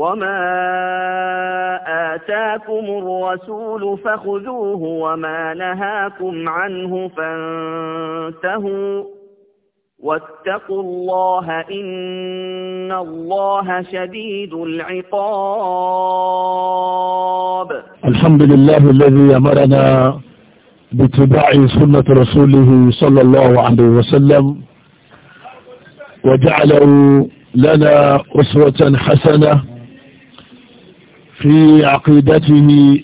وما آتاكم الرسول فخذوه وما نهاكم عنه فانتهوا واتقوا الله إن الله شديد العقاب الحمد لله الذي أمرنا باتباع سنة رسوله صلى الله عليه وسلم وجعله لنا أسوة حسنة في عقيدته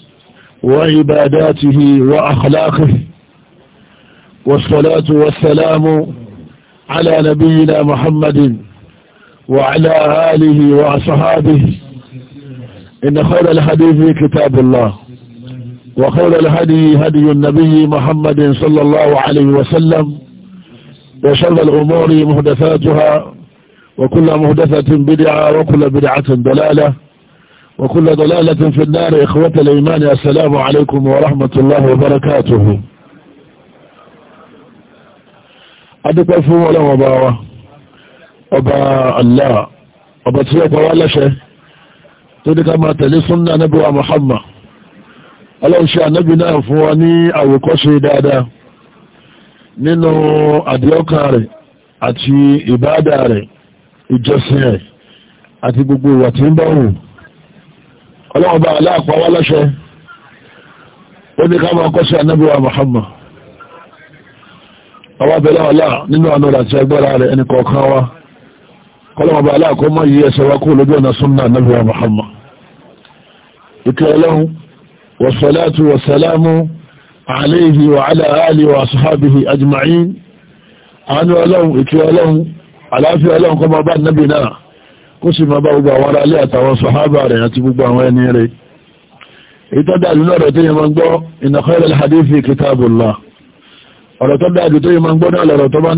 وعباداته وأخلاقه والصلاة والسلام على نبينا محمد وعلى آله وأصحابه إن خير الحديث كتاب الله وخير الهدي هدي النبي محمد صلى الله عليه وسلم وشر الأمور مهدثاتها وكل مهدثة بدعة وكل بدعة دلالة وكل ضلالة في النار إخوة الإيمان السلام عليكم ورحمة الله وبركاته أدوك فو ولا وباوة أبا الله أبا تسيق ولا شيء تدك ما تلي سنة نبوة محمد ألو شاء نبنا فواني أو كوشي دادا nínú àdíọ́kàn rẹ̀ àti ìbádà rẹ̀ ìjọsìn rẹ̀ àti gbogbo ìwà tí ń bá wù ọlọ́wọ́ bá aláàpá wá láṣẹ ó ní ká máa kọ́sí anábíwá Muhammad àwọn abẹ́lá ọlá nínú àánú rẹ̀ àti agbára rẹ̀ ẹni kọ̀ọ̀kan wá kọ́lọ́wọ́ bá aláàkọ́ mọ́ yí ẹsẹ̀ wá kú lójú ọ̀nà súnmọ́ anábíwá Muhammad ìkẹ́ ọlọ́run wàsálàtù wàsálámù àléhì wà aláàlì wà sàhábìhì ajma'in àánú ọlọ́run ìkẹ́ ọlọ́run àlàáfíà ọlọ́run kọ́ máa bá nábì náà kó sì máa bá gbogbo àwọn ará ilé àtàwọn sàhábà rẹ̀ àti gbogbo àwọn ẹni rẹ̀ èyí tó dájú lọ́rọ̀ tó yẹ máa ń gbọ́ inna khayral hadithi kitabullah ọ̀rọ̀ tó dájú tó yẹ máa ń gbọ́ náà lọ́rọ̀ tó bá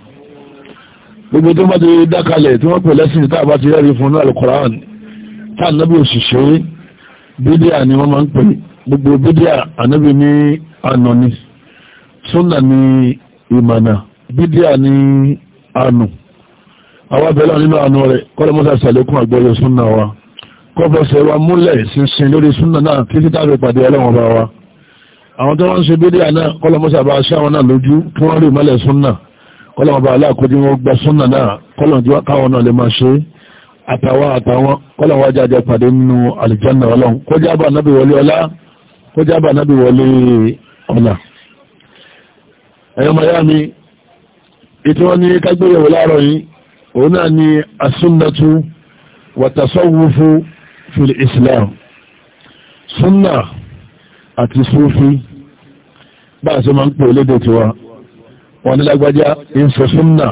ní gbogbo tó bá ti dákalẹ̀ tí wọ́n pè lẹ́sìn tá a bá ti rẹ́rí fún náà alukoran tá ànábì òṣìṣẹ́ bídíà ni wọ́n máa ń pè gbogbo bídíà ànábì ní ànà ni súnà ni ìmànà bídíà ni ànù àwọn abẹ́lẹ̀ nínú ànù rẹ̀ kọ́lẹ̀ mọ́sá ṣàlékún àgbọ́yọ̀ súnà wa kọ́fẹsẹ̀ wa múlẹ̀ ṣinṣin lórí súnà náà títí tá a fi pàdé ọlọ́wọ́n bá wa àwọn tó wọ́n ń ṣe bídíà kọ́lọ̀wọ́n bá aláàkójú wọn gba súnà náà kọ́lọ̀wọ́n jí káwọn náà lè máa ṣe àtàwọn àtàwọn kọ́lọ̀wọ́n jáde pàdé nínú àlìjánà ọlọ́run kọjá bá nábì wọlé ọlá kọjá bá nábì wọlé ọlá ẹ̀yọ́ maya mi ìtí wọ́n ní kágbéyẹ̀wò láàárọ̀ yìí òun náà ni asúnnatu wàtàsọ́wúfú fil islam súnà àti súfí bá a ṣe máa ń pè lédè tiwa wọn ní lágbájá ìṣẹ̀súnà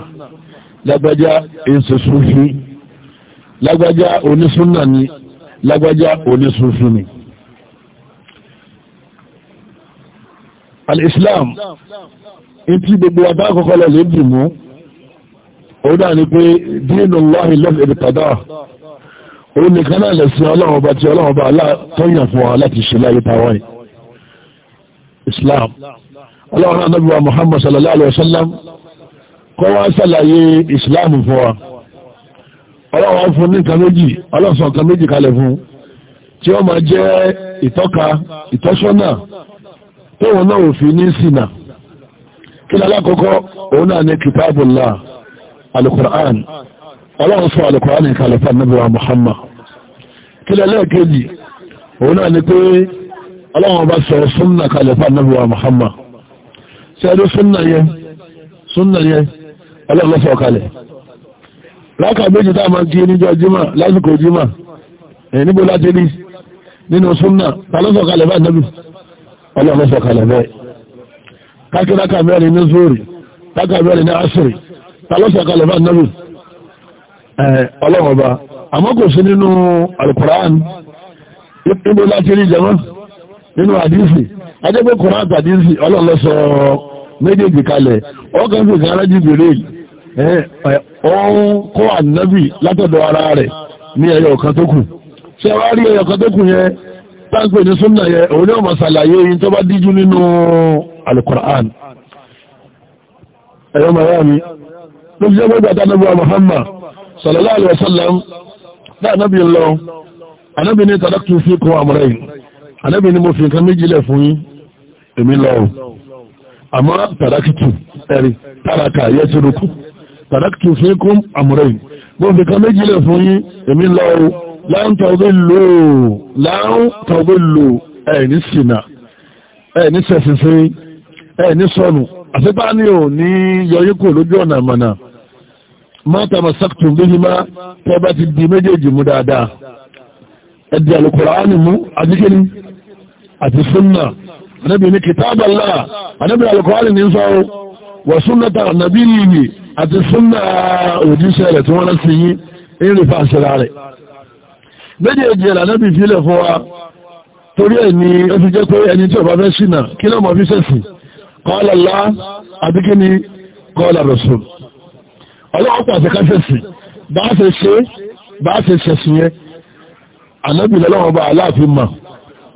lágbájá ìṣẹ̀súnfí lágbájá onísúnà ni lágbájá onísúnfí ni al-islam in ti gbogbo adá àkọ́kọ́ lọ lè dì mú òun náà ni pé dínú lọ́hìn lọ́fẹ̀ ìdìtàdá òun nìkan náà lẹ̀sìn ọlọ́run ọba tí ọlọ́run ọba tọ́yàn fún wa láti ṣe láyé tàwọn islam ọlọ́run anábíwa muhammad sallallahu alaihi wasallam kọ́ wá sàlàyé ìsìláàmù fún wa ọlọ́run fún ní nǹkan méjì ọlọ́run sọ nǹkan méjì kalẹ̀ fún tí ó máa jẹ́ ìtọ́ka ìtọ́sọ́nà tóun náà ò fi ní ṣìnà kí ni alákọ̀ọ́kọ́ òun náà ní kìtàbùlá alukur'an ọlọ́run sọ alukur'an kalẹ̀ fún anábíwa muhammad kí ni alákejì sẹ́rí súnà yẹn súnà yẹn ọlọ́lọ́fọ́ kalẹ̀ rákà méjì tá a máa kí níjọ jímà lásìkò jímà ẹ̀ níbo láti rí nínú súnà tàlọ́fọ́ kalẹ̀ bá nẹ́bì ọlọ́lọ́fọ́ kalẹ̀ bẹ́ẹ̀ kákí rákà mẹ́rin ní zúrì rákà mẹ́rin ní asìrì tàlọ́fọ́ kalẹ̀ bá nẹ́bì ọlọ́wọ́ba àmọ́ kò sí nínú alukuraan níbo láti méjèèjì kalẹ̀ ọkàn sì kan alájí bèrèl ọ̀hún kó ànábì látọ̀dọ̀ ara rẹ̀ ní ẹyọ ọ̀kan tó kù ṣé wá rí ẹyọ ọ̀kan tó kù yẹn táǹpẹ̀ ní súnà yẹn òun yóò máa ṣàlàyé yìí tó bá díjú nínú alukur'an ẹ̀yọ́ ló fi jẹ́ wa Muhammad anábì ní fi kún anábì ní mo fi nǹkan méjìlẹ̀ fún yín àmọ́ tàdákìtù ẹ̀rí tàràkà yẹ́tìrúkù tàdákìtù fún kún àmúrẹ́yìn bọ́n fi kan méjìlẹ̀ fún yín èmi lọ́wọ́ láàrín tàbí lò eh tàbí lò eh sínà ẹ̀ní sẹ̀sẹ̀sẹ̀ ẹ̀ní sọnù àṣẹ́bá ní ò ní yọyíkò lójú ọ̀nà àmànà mọ́ta masaktu bíi má tẹ́ bá ti di méjèèjì mú dáadáa ẹ̀dì àlùkùránì mú àdíkẹ́ni àti sunnah anábì ní kìtàbàlá anábì alùkọ́wàlì ní sọ wà súnnàtà nàbí yìí àti súnnà òjíṣẹ́ rẹ̀ tí wọ́n rẹ̀ sí yí ìrìn fàṣẹ́ra rẹ̀ méjèèjì ẹ̀lá anábì fílẹ̀ fún wa torí ẹ̀ ni ó fi jẹ́ pé ẹni tí ó bá fẹ́ ṣìnà kí lọ́mọ fi sẹ́sì kọ́ọ̀lọ́lá àti kí ni kọ́ọ̀lá rọ̀sùn ọlọ́wọ́ pàṣẹ káṣẹ̀sì bá ṣe ṣe bá ṣe ṣẹ̀sì yẹn anábì lọ́wọ́ bá aláàfin mà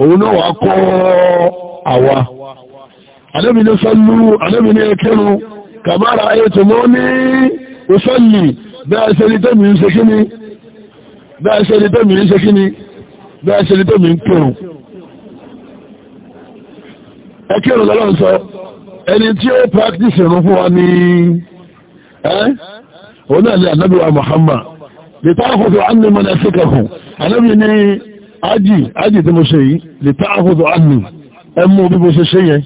òun náà wà kọ́ ọ́ àwa ànábì ní sọ́lú ànábì ní ẹkẹrù kàbára ayé tó mọ́ ní òṣèlì bẹ́ẹ̀ ṣe ní tẹ́mì ń ṣe kíní bẹ́ẹ̀ ṣe ní tẹ́mì ń ṣe kíní bẹ́ẹ̀ ṣe ní tẹ́mì ń kírun ẹkẹrù lọ́lọ́n sọ ẹni tí ó practice ìrun fún wa ní ẹ́ òun náà ni ànábì wa Muhammad lè táàkùtù ánì mọ́lẹ́sìkẹ̀kùn ànábì ní ájì ájì tí mo ṣe yìí lè táàkùtù ánì ẹ mú bí mo ṣe ṣe yẹn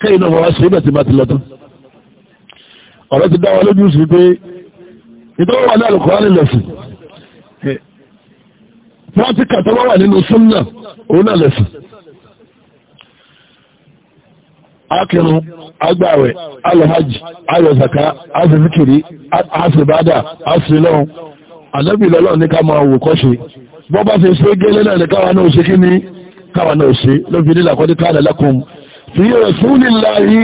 kẹ́yìn náà wá sí ibẹ̀ tí bá ti lọ́tán ọ̀rọ̀ ti dá wa lójú sí pé ìtọ́wọ́ wà ní àlùkọ́rá nílẹ̀ sí tó wà nínú súnnà òun náà lẹ̀sìn akẹrun agbáwẹ̀ alọ́hajj ayọ̀zàká asìsíkiri asìbádà asìlọ́run ànábìlọ́lọ́ ní ká máa wò ṣe gẹ́lẹ́ náà káwa náà ṣe ló fi nílà kọ́dí káàdà lakum fi rasulillahi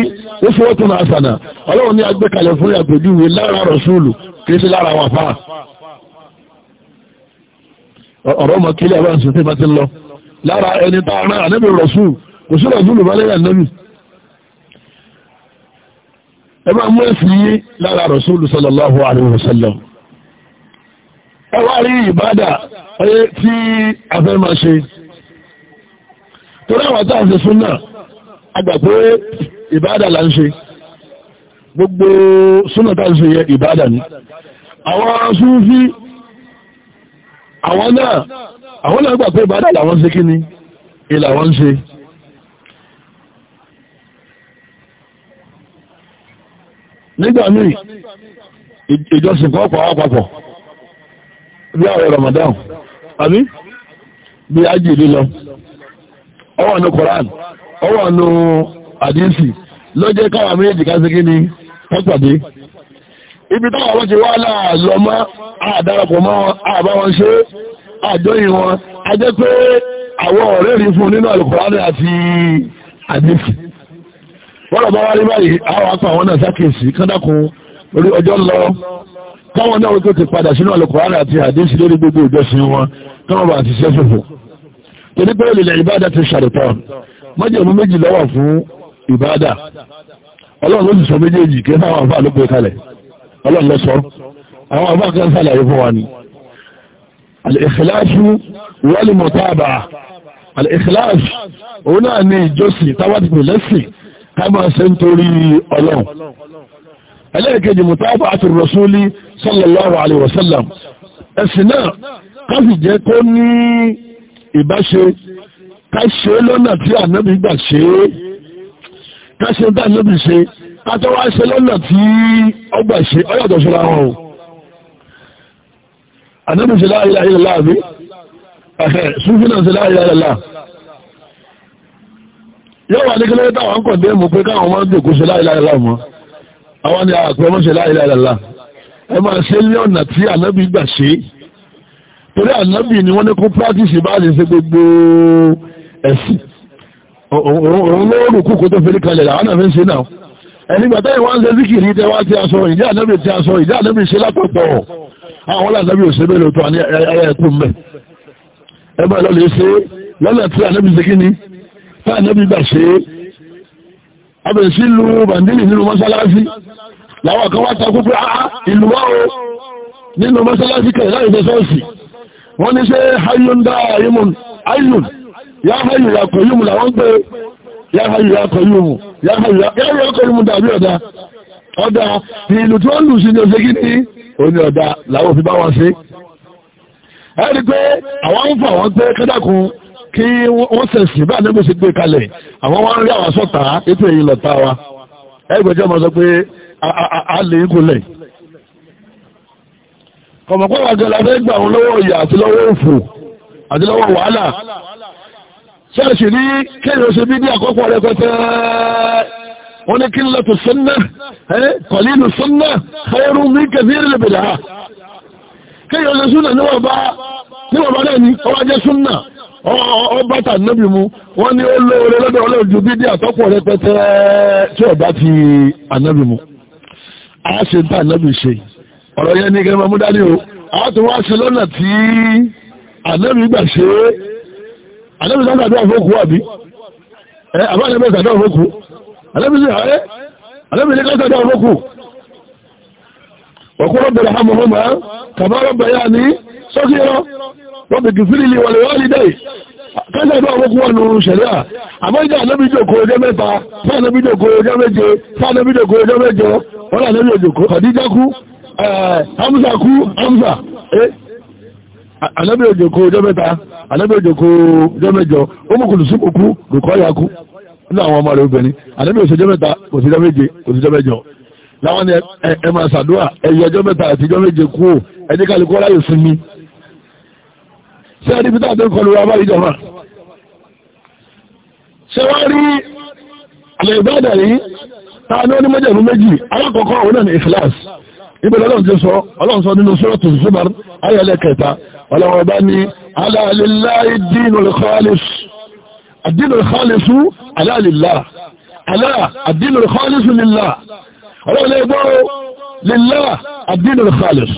uswatun hasana ọlọ́run ní agbékalẹ̀ fún àpèjúwe lára rọ̀ṣúlù kìí sí lára wà fáà ọ̀rọ̀ mọ̀ kílẹ̀ ọ̀rọ̀ ṣe tẹ́bà ti lọ lára ẹni tá rán ànábì rọ̀ṣúlù tí a máa ṣe torí àwọn tá à ń ṣe súnà àgbà pé ìbáàdà là ń ṣe gbogbo súnà tá à ń ṣe yẹ ìbáàdà ni àwọn súnfí àwọn náà àwọn náà gbà pé ìbáàdà làwọn ṣe kí ni ìlà wọn ṣe nígbà míì ìjọsìn kan pàwọ́ àpapọ̀ bí àwọn Ramadan àbí bí ájì lílọ ọwọ́ àánú koran ọwọ́ àánú àdínsì lọ́jẹ́ káwà méjì ká sí kí ni pọ́pàdé ibi táwà wọ́n ti wá láàlọ́ mọ́ àdárapọ̀ mọ́ àbá wọn ṣe àjọyìn wọn a jẹ́ pé àwọn ọ̀rẹ́ rí fún nínú alukoran àti àdínsì wọ́n bá wá rí báyìí àwọn apá àwọn náà sákèsí kándàkùn orí ọjọ́ lọ káwọn náà wípé ti padà sínú alukoran àti àdínsì lórí gbogbo ìjọsìn wọn káwọn bá ti ṣẹ́fẹ̀fẹ̀ torí pé olùlẹ̀ ìbáadà ti ṣàrẹ̀tọ̀ májèmú méjì ló wà fún ìbáadà ọlọ́run ló sì sọ méjèèjì kí fáwọn àfáà ló gbé kalẹ̀ ọlọ́run ló sọ àwọn àfáà kan sàlàyé fún wa ni al-ikhlasu wal mutaba'a al-ikhlasu òun náà ní ẹ̀sìn náà ká sì jẹ́ kó ní ìbáṣe ká ṣe lọ́nà tí ànábì gbà ṣe é ká ṣe tá ànábì ṣe ká tó wá ṣe lọ́nà tí ọgbà ṣe ọyọ̀tọ̀ ṣe láwọn o ànábì ṣe láàyè ayé láàbí ṣúfì náà ṣe láàyè ayé láà yóò wà ní kílẹ̀ táwọn kọ̀ dé mú pé káwọn máa ń dèkú ṣe láàyè torí ànábì ni wọ́n ní kó practice bá lè ṣe gbogbo ẹ̀sìn òun lóòrùn kúkú tó fẹ́rí kalẹ̀ àwọn àfẹ́ ṣe náà ẹnigbà tẹ́yìn wọ́n ń ṣe síkìrì tẹ́ wá ti aṣọ ìdí ànábì ti aṣọ ìdí ànábì ṣe lápapọ̀ àwọn ànábì ò ṣe mélòó tó àní ẹyà ẹ̀kú mẹ́ ni tá ànábì gbà ṣe abẹ̀rẹ̀ kan wá takú pé ìlú wá o nínú mọ́ṣáláṣí kẹ̀ láì wọ́n ní ṣe hayun dáhàyùn ya hayu ya kọ̀yùn làwọn pé ya hayu ya kọ̀yùn ya hayu ya kọ̀yùn dàbí ọ̀dá ọ̀dá ni ìlú tí wọ́n lù sí ní ọ̀sẹ̀ kí ní òní ọ̀dá làwọn òfin bá wọn ṣe ẹ̀rí pé àwọn ń fà wọ́n pé kẹ́dàkùn kí wọ́n sẹ̀sìn bá nígbèsè gbé kalẹ̀ àwọn wọ́n rí àwọn sọ́ta ètò èyí lọ̀ta wa ẹgbẹ̀jọ́ mọ́ sọ pé a lè ń kúnlẹ̀ kọ̀mọ̀pọ̀ àjọ la fẹ́ gbà wọn lọ́wọ́ ìyà àti lọ́wọ́ òfò àti lọ́wọ́ wàhálà ṣẹ́ẹ̀ṣì ní kéèyàn ṣe bí ní àkọ́kọ́ rẹ̀ pẹ́pẹ́ wọ́n ní kílọ̀ tó sọ́nà kọ̀lílù sọ́nà ẹrù ní kẹfìrì lè bèèrè ha kéèyàn ṣe súnà níwọ̀nba náà ni ọwọ́ ajẹ́ súnà ọba wọ́n ní ọ̀rọ̀ yẹn ní kẹrìmọ̀ mú dání o àwọn tó wá sí lọ́nà tí ànábì gbà ṣe é ànábì sọ́nà àdúrà fókù àbí ẹ àbáyé bẹ́ẹ̀ sàdúrà fókù ànábì sí ààrẹ ànábì ní ká sàdúrà fókù ọkọ̀ rọ̀bẹ̀rẹ̀ hàmù hàmù hàn kàmá rọ̀bẹ̀ yà ní sọ́kì yọ rọ̀bẹ̀ kìfìlì lè wọlé wálé dẹ́ kájà àdúrà fókù wà nù sẹ̀ríà àmọ́ ìjà ànábì jòkó ọjọ́ mẹ́ta fún ànábì jòkó ọjọ́ méje fún ànábì jòkó ọjọ́ mẹ́jọ wọn ànábì jòkó Eh, Hamza kú Hamza eh, anábí òjòkó ọjọ́ mẹ́ta anábí òjòkó ọjọ́ mẹ́jọ ó mú kùlùsí kò kú rùkọ́yà kú nínú àwọn ọmọ rẹ̀ obìnrin anábí òṣèjọ́ mẹ́ta òṣèjọ́ méje òṣèjọ́ mẹ́jọ láwọn ẹ máa ṣàdúrà ẹ̀yẹ ọjọ́ mẹ́ta àti ọjọ́ méje kú ẹni kálukú ráyè fún mi ṣé ẹni bí táà tó ń kọlu wa bá ìjọba ṣé wá rí àlẹ́ ìbáàdà yìí táà ní ó ní mẹ́jẹ̀mú méjì alákọ̀ọ́kọ́ òun náà ní ìfìlàsì ibẹ̀ lọ́lọ́run ti sọ ọlọ́run sọ nínú sọ́rọ̀tù Zumar ayẹlẹ kẹta ọlọ́run ọba ní ala lillahi dinul khalis ad-dinul khalisu ala lillah ala ad-dinul khalisu lillah ọlọ́run lè gbọ́ lillah ad-dinul khalis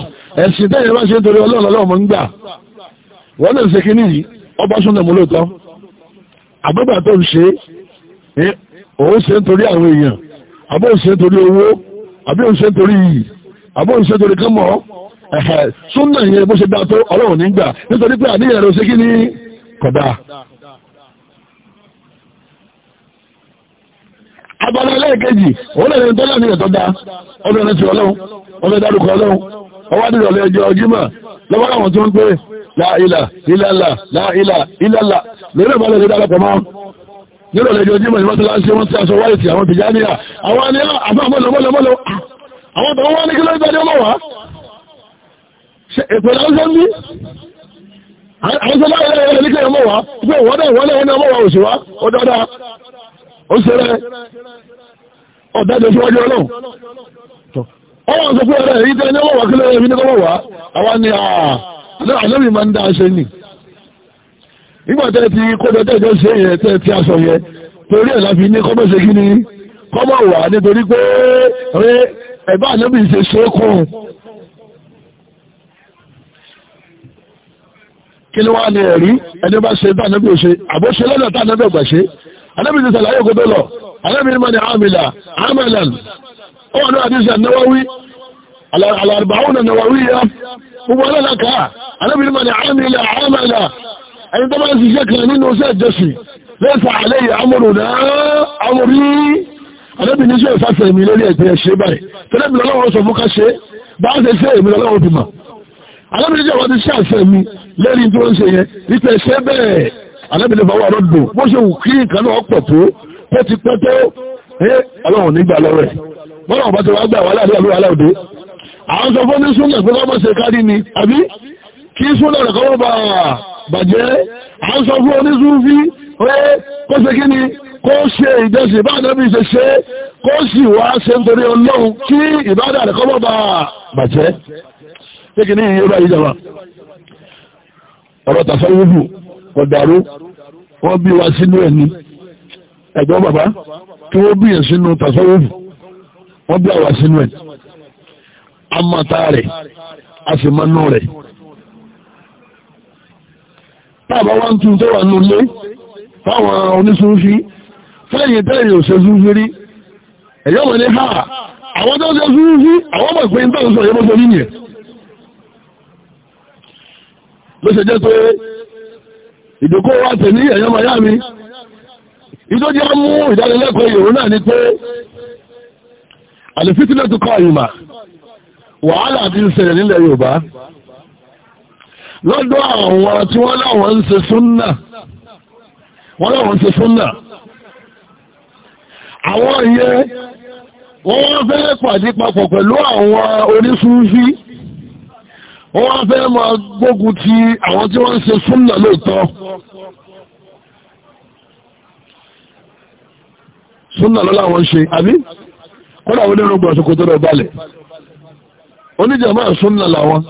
àbọ̀ ìṣẹ́ torí kan mọ́ ẹ̀hẹ̀ súnà yẹn bó ṣe dá tó ọlọ́run nígbà nítorí pé àníyàn rẹ̀ ṣe kí ní kódà abala ẹlẹ́ẹ̀kejì òun lẹ́yìn tó láti ẹ̀tọ́ dá ọlọ́run ti ọlọ́run ọlọ́run dárúkọ ọlọ́run ọwọ́ nílò ọlẹ́ ẹjọ́ ọjímọ̀ lọ́wọ́ àwọn tó ń pè láìlà ìlàlà láìlà ìlàlà lórí ìbálẹ̀ ìlú dárapọ̀ mọ́ nílò ọlẹ́jọ́ ọjímọ̀ àwọn àmọ́lọ́mọ́lọ́mọ́lọ́ àwọn tó wọ́n ní a ló ń gbàdé ọlọ́wà ètò ìlànà ń àwọn tó bá yẹ ndị ní kí ọmọ wa pé wọ́n náà wọ́n náà ọmọ ní ọmọ ní ọmọ ti tẹ́ ti aṣọ yẹ torí ní ẹ̀bá ànábì ṣe ṣe é kún un. kí ni wàá ní ẹ̀rí ẹni bá ṣe bá ànábì ṣe àbóṣe lọ́dọ̀ tá ànábì ọgbà ṣe ànábì ti sàlàyé òkú tó lọ ànábì ní mọ́ni àmìlà àmàlàn ó wà ní àdíṣà náwáwí alàrùbáwò na náwáwí yá gbogbo aláàkà ànábì ní mọ́ni àmìlà àmàlà ẹni tó bá ń ṣiṣẹ́ kan nínú iṣẹ́ ìjọsìn lẹ́sà àlẹ́ àlébì ní ṣe ìfàṣẹ mi lórí ẹ̀gbẹ́ ẹ̀ṣẹ́ báyìí tẹ́lẹ̀bì lọ́wọ́ sọ fún káṣẹ́ bá ń ṣe ṣe èmi lọ́wọ́ bímọ àlébì ní ṣe ìwọ́n ti ṣe àṣẹ mi lórí tí wọ́n ń ṣe yẹn nípa ẹ̀ṣẹ́ bẹ́ẹ̀ àlébì ní fọwọ́ ọlọ́dún bó ṣe wù kí nǹkan náà pọ̀ tó kó ti pẹ́ tó ẹ ọlọ́run nígbà lọ́wọ́ ẹ̀ bọ́lá ọ̀bá ti wá gbà wà láàrin àlúwà láòdé àwọn sọ fún ní súnlẹ̀ pé kọ́mọ̀ ṣe kárí ni àbí kí súnlẹ̀ rẹ̀ kọ́mọ̀ bàjẹ́ àwọn sọ fún oníṣúfí pé kó ṣe kí ni kó ṣe ìjọsìn ìbáàdà bí ṣe ṣe kó sì wá ṣe ń torí ọlọ́run kí ìbáàdà rẹ̀ kọ́mọ́ bá bàjẹ́ kéèkì ní iye bá ìjọba ọ̀rọ̀ tàfẹ́ wúbù ọ̀dàrú wọ́n bí wa sínú ẹni ẹ̀gbọ́n bàbá kí wọ́n bí yẹn sínú tàfẹ́ wúbù wọ́n bí àwa sínú ẹ̀ amata rẹ̀ a sì máa nú rẹ̀ táàbà wá ń tún tó wà nulẹ̀ fáwọn oníṣúfí fẹ́yìn tẹ́lẹ̀ yóò ṣe zúzú rí ẹ̀yọ́ wọ́n ní ha àwọn tó ṣe zúzú àwọn ọmọ ìpín tó ń sọ yẹ́bọ́ sórí yẹn ló ṣe jẹ́ pé ìdókó wa tẹ̀ ní ẹ̀yọ́ màyá mi ìjọ jẹ́ mú ìdánilẹ́kọ̀ọ́ ìrò náà ni pé àlèfítìlẹ̀ tó kọ́ àyùmá wàhálà ti ń ṣẹlẹ̀ nílẹ̀ Yorùbá lọ́dọ̀ àwọn tí wọ́n láwọn ń ṣe súnnà wọ́n láwọn ń ṣe súnnà àwọn yẹn wọ́n wá fẹ́ pàdé papọ̀ pẹ̀lú àwọn oníṣúfí wọ́n wá fẹ́ máa gbógun ti àwọn tí wọ́n ń ṣe súnnà lóòótọ́ súnnà lọ́la wọn ṣe àbí kọ́lá wọn lẹ́rọ gbọ́sọ̀ kò tó lọ balẹ̀ oníjàmá súnnà làwọn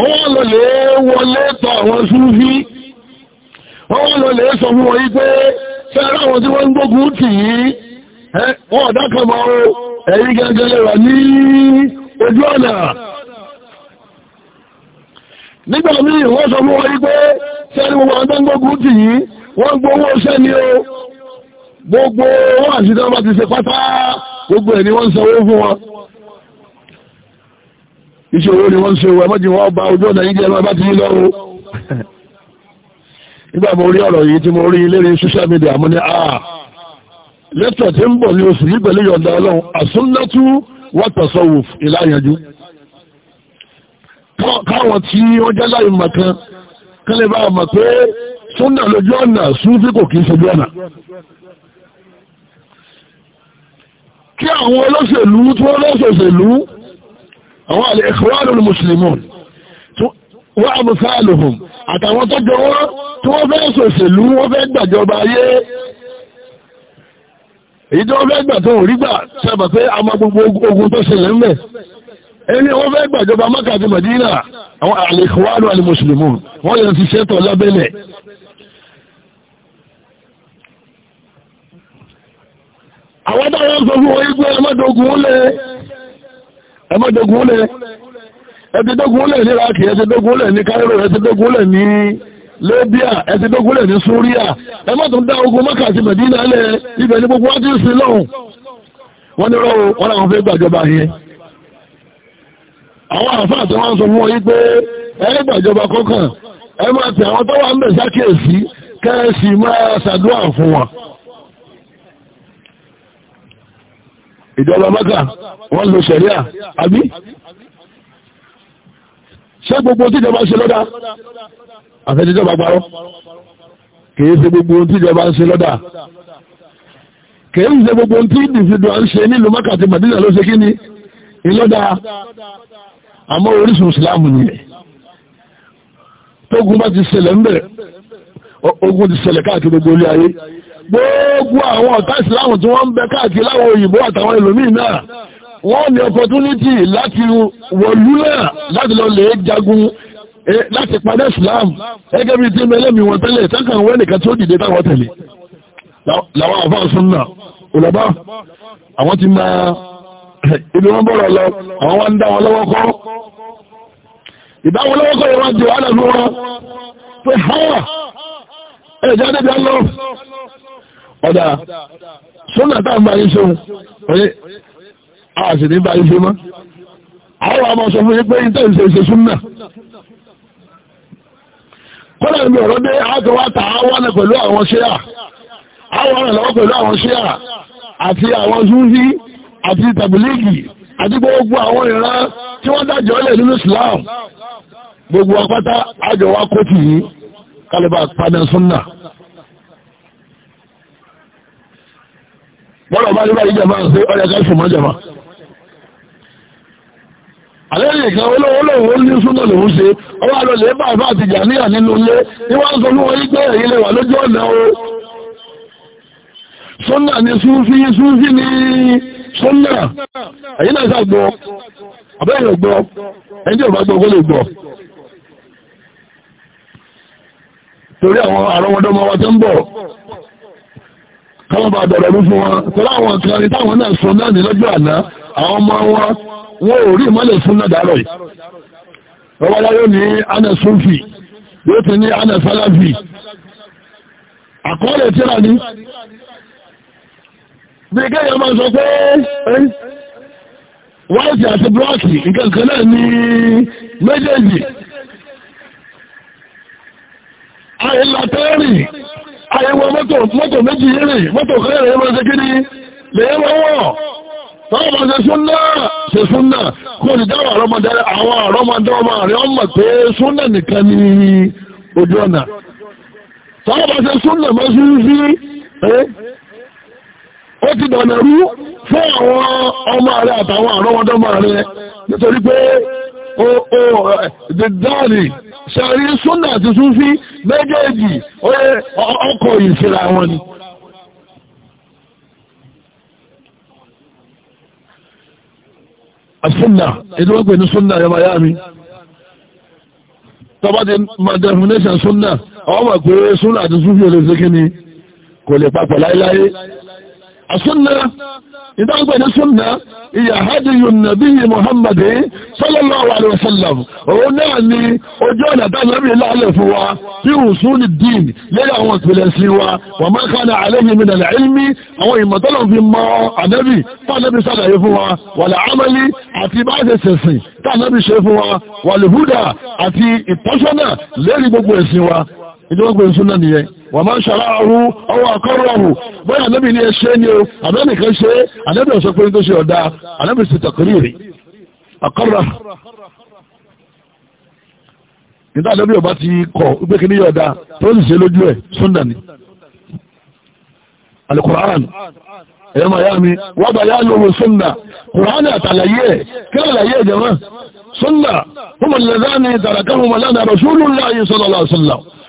wọ́n lọ lè wọlé tọ àwọn súnfí wọ́n lọ lè sọ fún wọn yí pé fẹ́ràn wọ́n ọ̀dá daka ma o ẹ̀yí gẹ́gẹ́ ní ojú ọ̀nà nígbà wọ́n sọ mú wọ́n pé sẹ́ni gbogbo gbogbo tì yí wọ́n sẹ́ni o gbogbo wọ́n àti tí wọ́n bá ti ṣe pátá gbogbo ẹ̀ ni wọ́n ń sanwó fún wọn iṣẹ́ owó ni wọ́n ń owó ẹmọ́jì wọ́n bá ojú ọ̀nà yíjẹ́ ẹmọ́ bá ti nígbà lẹ́tọ̀ tí ń bọ̀ ní oṣù yìí pẹ̀lú yọ̀ǹda ọlọ́run àsúnnátú wàtàsọ́wò ìláyànjú káwọn tí wọ́n jẹ́ láì mọ̀ kan kẹ́lẹ̀ bá mọ̀ pé súnnà lójú ọ̀nà súnfí kò kìí ṣojú ọ̀nà kí àwọn olóṣèlú tí wọ́n lọ́sọ̀ṣèlú àwọn àlè ikhwanul muslimun wọ́n àmúfáàlùhùn àtàwọn tọ́jọ wọn tí wọ́n fẹ́ ṣòṣèlú wọ́n fẹ́ gbàjọba ayé èyí tó fẹ́ gbà tó rí gbà sábà pé a máa gbogbo ogun tó ṣẹlẹ̀ ń bẹ̀ ẹni wọ́n fẹ́ gbàjọba Mákà àti Mẹdínà àwọn àlèkùwádùn àlè mùsùlùmù wọ́n yẹn ti ṣẹ́tọ̀ lábẹ́lẹ̀ àwọn táwọn sọ Libya ẹ̀sìn tó gúnlẹ̀ ní Súríà ẹ má tún dá ogun Mọ́kà àti Mẹ̀dínà lẹ̀ ibẹ̀ ní gbogbo wá ti ń sin lọ́hùn wọ́n ní rọ́wọ́ wọn làwọn fẹ́ gbàjọba yẹn àwọn àfáà tí wọ́n ń sọ fún wọn yí pé ẹ gbàjọba kọ́kàn ẹ máa tẹ àwọn tó wà ń bẹ̀ sákèésí kẹ́ẹ̀sì máa ṣàdúrà fún wọn ìjọba Mọ́kà wọ́n lo ṣẹ̀ríà àbí ṣé gbogbo tíjọba ṣe lọ́dá àfẹ́jọ́jọ́ bá parọ́ kìí ṣe gbogbo ohun tí ìjọba ń ṣe lọ́dà kìí ṣe gbogbo ohun tí ìdìfidọ̀ ń ṣe nílùú Mákà àti ló ṣe kí ni ìlọ́dà àmọ́ orísun ìsìláàmù nìyẹn tógun bá ti ṣẹlẹ̀ ń bẹ̀ ogun ti ṣẹlẹ̀ káàkiri gbogbo ilé ayé gbogbo àwọn ọ̀tá ìsìláàmù tí wọ́n ń bẹ káàkiri láwọn òyìnbó àtàwọn ẹlòmíì náà wọ́n ní opportunity láti wọ̀lú náà láti lọ lè jagun Eh, láti padà islam gẹ́gẹ́ bí tí mẹ́lẹ́mì wọn tẹ́lẹ̀ tákàn wẹ́ nìkan tó dìde táwọn tẹ̀lé làwọn àfáà súnnà òlàbá àwọn ti máa ibi wọn bọ̀rọ̀ lọ àwọn wá ń dá wọn lọ́wọ́ kọ́ ìdáwọn lọ́wọ́ kọ́ yẹn wá di wàhálà fún wọn pé háwà ẹ̀jẹ̀ adébíà lọ ọ̀dà súnnà táà máa yín sóhun ọ̀yẹ́ a sì ní bá yín fi mọ́ àwọn àmọ́ sọ fún yín pé yín tẹ́ ìṣe ìṣe súnnà kọ́lá ìlú ọ̀rọ̀ dé àjọ wa ta àwọn pẹ̀lú àwọn ṣíà àwọn ìlọ́wọ́ pẹ̀lú àwọn ṣíà àti àwọn zúzí àti tàbílígì àti gbogbo àwọn ìran tí wọ́n dájọ́ lẹ̀ nínú Islam gbogbo apáta àjọ wa kó tì yí kálíbà padà súnnà bọ́lọ̀ bá nígbà yìí jẹ̀má ń pé ọ̀rẹ́ ká sùn mọ́ jẹ̀má àlẹ́rìn ìkan olówólòwò ní súnà lòun ṣe ọwọ́ alọ́lẹ̀ bá àbá àti jàníyà nínú ilé ní wọ́n ń sọ lówó yí pé èyí lè wà lójú ọ̀nà o súnà ni súnfí súnfí ni súnà èyí náà sàgbọ́ àbẹ́yìn ògbọ́ ẹni tí ò bá gbọ́ kó lè gbọ́ torí àwọn àrọmọdọ́mọ wa tó ń bọ̀ káwọn bá dọ̀rọ̀ fún wọn tọ́lá àwọn kan ní táwọn náà sọ náà ní lọ́jọ́ àná àwọn ọmọ wọn wọ́n ò rí ìmọ́lẹ̀ súnà dárọ̀ yìí ọwọ́lá yóò ní ana sufi yóò ti ní ana salafi àkọọ́lẹ̀ tíra ní bí kẹ́yà máa sọ pé wáìtì àti blọ́ọ̀kì nǹkan náà ní méjèèjì àìlàtẹ́rì àìwọ mọ́tò mọ́tò méjì yẹ́rì mọ́tò kẹ́rẹ̀ yẹ́ máa ṣe kí ni lè yẹ́ máa wọ̀ tọ́wọ́ máa ṣe súnà ṣe súnà kó o lè dáwọ́ àrọ́mọdé àwọn àrọ́mọdé ọmọ rẹ̀ ọmọ pé súnà nìkan ní ojú ọ̀nà tọ́wọ́ bá ṣe súnà mọ́ sí sí ó ti dọ̀nà rú fún àwọn ọmọ rẹ̀ àtàwọn àrọ́mọdé ọmọ rẹ̀ nítorí pé dìdáàlì ṣàrí súnà àti súnfí méjèèjì ọkọ̀ ìṣẹ̀lẹ̀ àwọn ni. àṣúnà èdè wọ́n pè ní súnà yọba yá mi tọ́bá ti ma definition súnà ọwọ́ mọ̀ pé súnà àti súnfì olè ṣe kí ni kò lè papọ̀ láíláí àṣúnà ìdáǹgbẹ̀ ní súnnà ìyàhádì yùnàbí Muhammadu sallallahu alaihi wasallam òun náà ni ojú ọ̀nà tánàbí láàlẹ̀ fún wa tí ó sún ní dín lẹ́yà àwọn ìpìlẹ̀ sí wa wà máa kánà àlẹ́yìn mi nàlẹ̀ ilmi àwọn ìmọ̀tọ́lọ̀ fi mọ́ ànábì tánàbí sàlàyé fún wa wà láàmàlì àti bá wọ́n máa ń ṣàrá ọrú ọwọ́ akọ́rọ̀rù bóyá ànábì ní ẹṣẹ́ ni o ànábì kan ṣe ànábì ọ̀sọ́ pé tó ṣe ọ̀dá ànábì sì tàkìrí rí akọ́rọ̀ nígbà ànábì ọba ti kọ̀ pé kí ní ọ̀dá tó sì ṣe lójú ẹ̀ súndà alukur'an ẹ̀yọ́ máa mi wọ́n bá yá lóhun súndà kùránì àtàlàyé ẹ̀ kí àlàyé ẹ̀ jẹ́ mọ́ fún mọ̀lẹ́dá ni tàràkà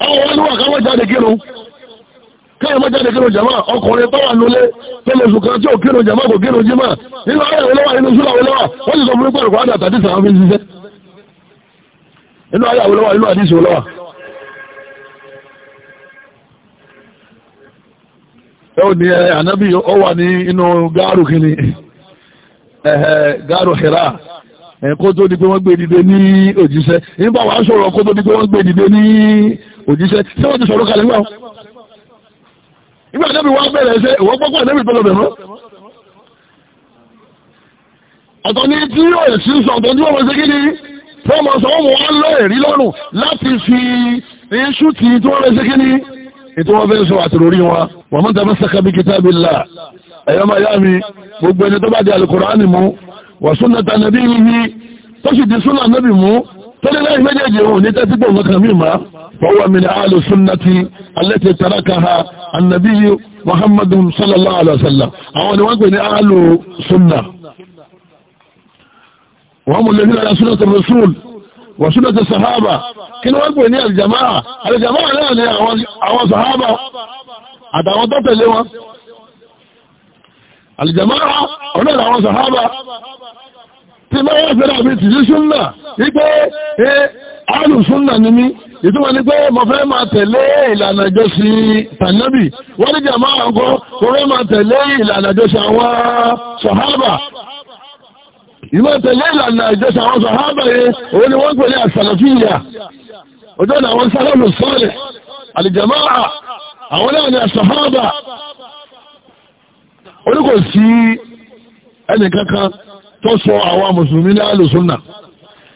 Ọ olúwa kan wọ́n jáde kírun káyọ̀ mọ́ jáde kírun jàmá ọkùnrin tó wà nulẹ̀ tó lè sùkàn tí ò kírun jàmá kò kírun jímà nínú ayé àwọn olówà nínú kó tó di pé wọ́n gbé dìde ní òjíṣẹ́ nígbà wàá sọ̀rọ̀ kó tó di pé wọ́n gbé dìde ní òjíṣẹ́ tí wọ́n ti sọ̀rọ̀ kalẹ̀ gbà nígbà débi wọ́n bẹ̀rẹ̀ ṣe ìwọ́n pọ́pọ́ débi tó lọ bẹ̀rẹ̀ ọ̀tọ̀ ní tí yóò sí sọ ọ̀tọ̀ tí wọ́n mọ̀ sí kí ni wọ́n mọ̀ sọ wọ́n mọ̀ wọ́n lọ ẹ̀rí lọ́rùn láti fi iṣu tí tí wọ́n mọ̀ sí ni ètò wọn fẹ́ sọ àtìrórí wọn wọ́n mọ̀ tàbí sàkàbí kitabillah ẹ̀yọ́ máa yá mi gbogbo ẹni tó bá di Al-Qur'ani mú wà sunnata nàbí yìí tó sì di súnà nàbí mú tọ́lẹ̀ láì méjèèjì òun ní tẹ́sí gbọ̀ngàn kan mímá wọ́wọ́ mi ní àlù súnnati allati tarakaha annabi muhammadun sallallahu alaihi wasallam àwọn ni wọ́n pè ní àlù súnna wọ́n mú lẹ́sìn àlà súnnati rasul wà súnnati sahaba kí ni wọ́n pè ní aljamaa aljamaa náà ni àwọn sahaba àtàwọn tó wọn àlìjàmáà ọ̀nà àwọn sàhábà tí máa yẹ́ fẹ́rẹ̀ àbí tìjú súnnà wípé ẹ àálù súnnà ni mí ìtumọ̀ ní pé mo fẹ́ máa tẹ̀lé ìlànà ìjọsìn tànábì wọ́n ní jàmáà ọkọ̀ mo fẹ́ máa tẹ̀lé ìlànà àwọn ni wọ́n pẹ̀lú àsàlàfíyà ọjọ́ àwọn sàhábà sọ́ọ̀lẹ̀ àlìjàmáà àwọn náà ni àsàhábà oníkò sí ẹnìkankan tó sọ àwọn musulmi ní alùsùnà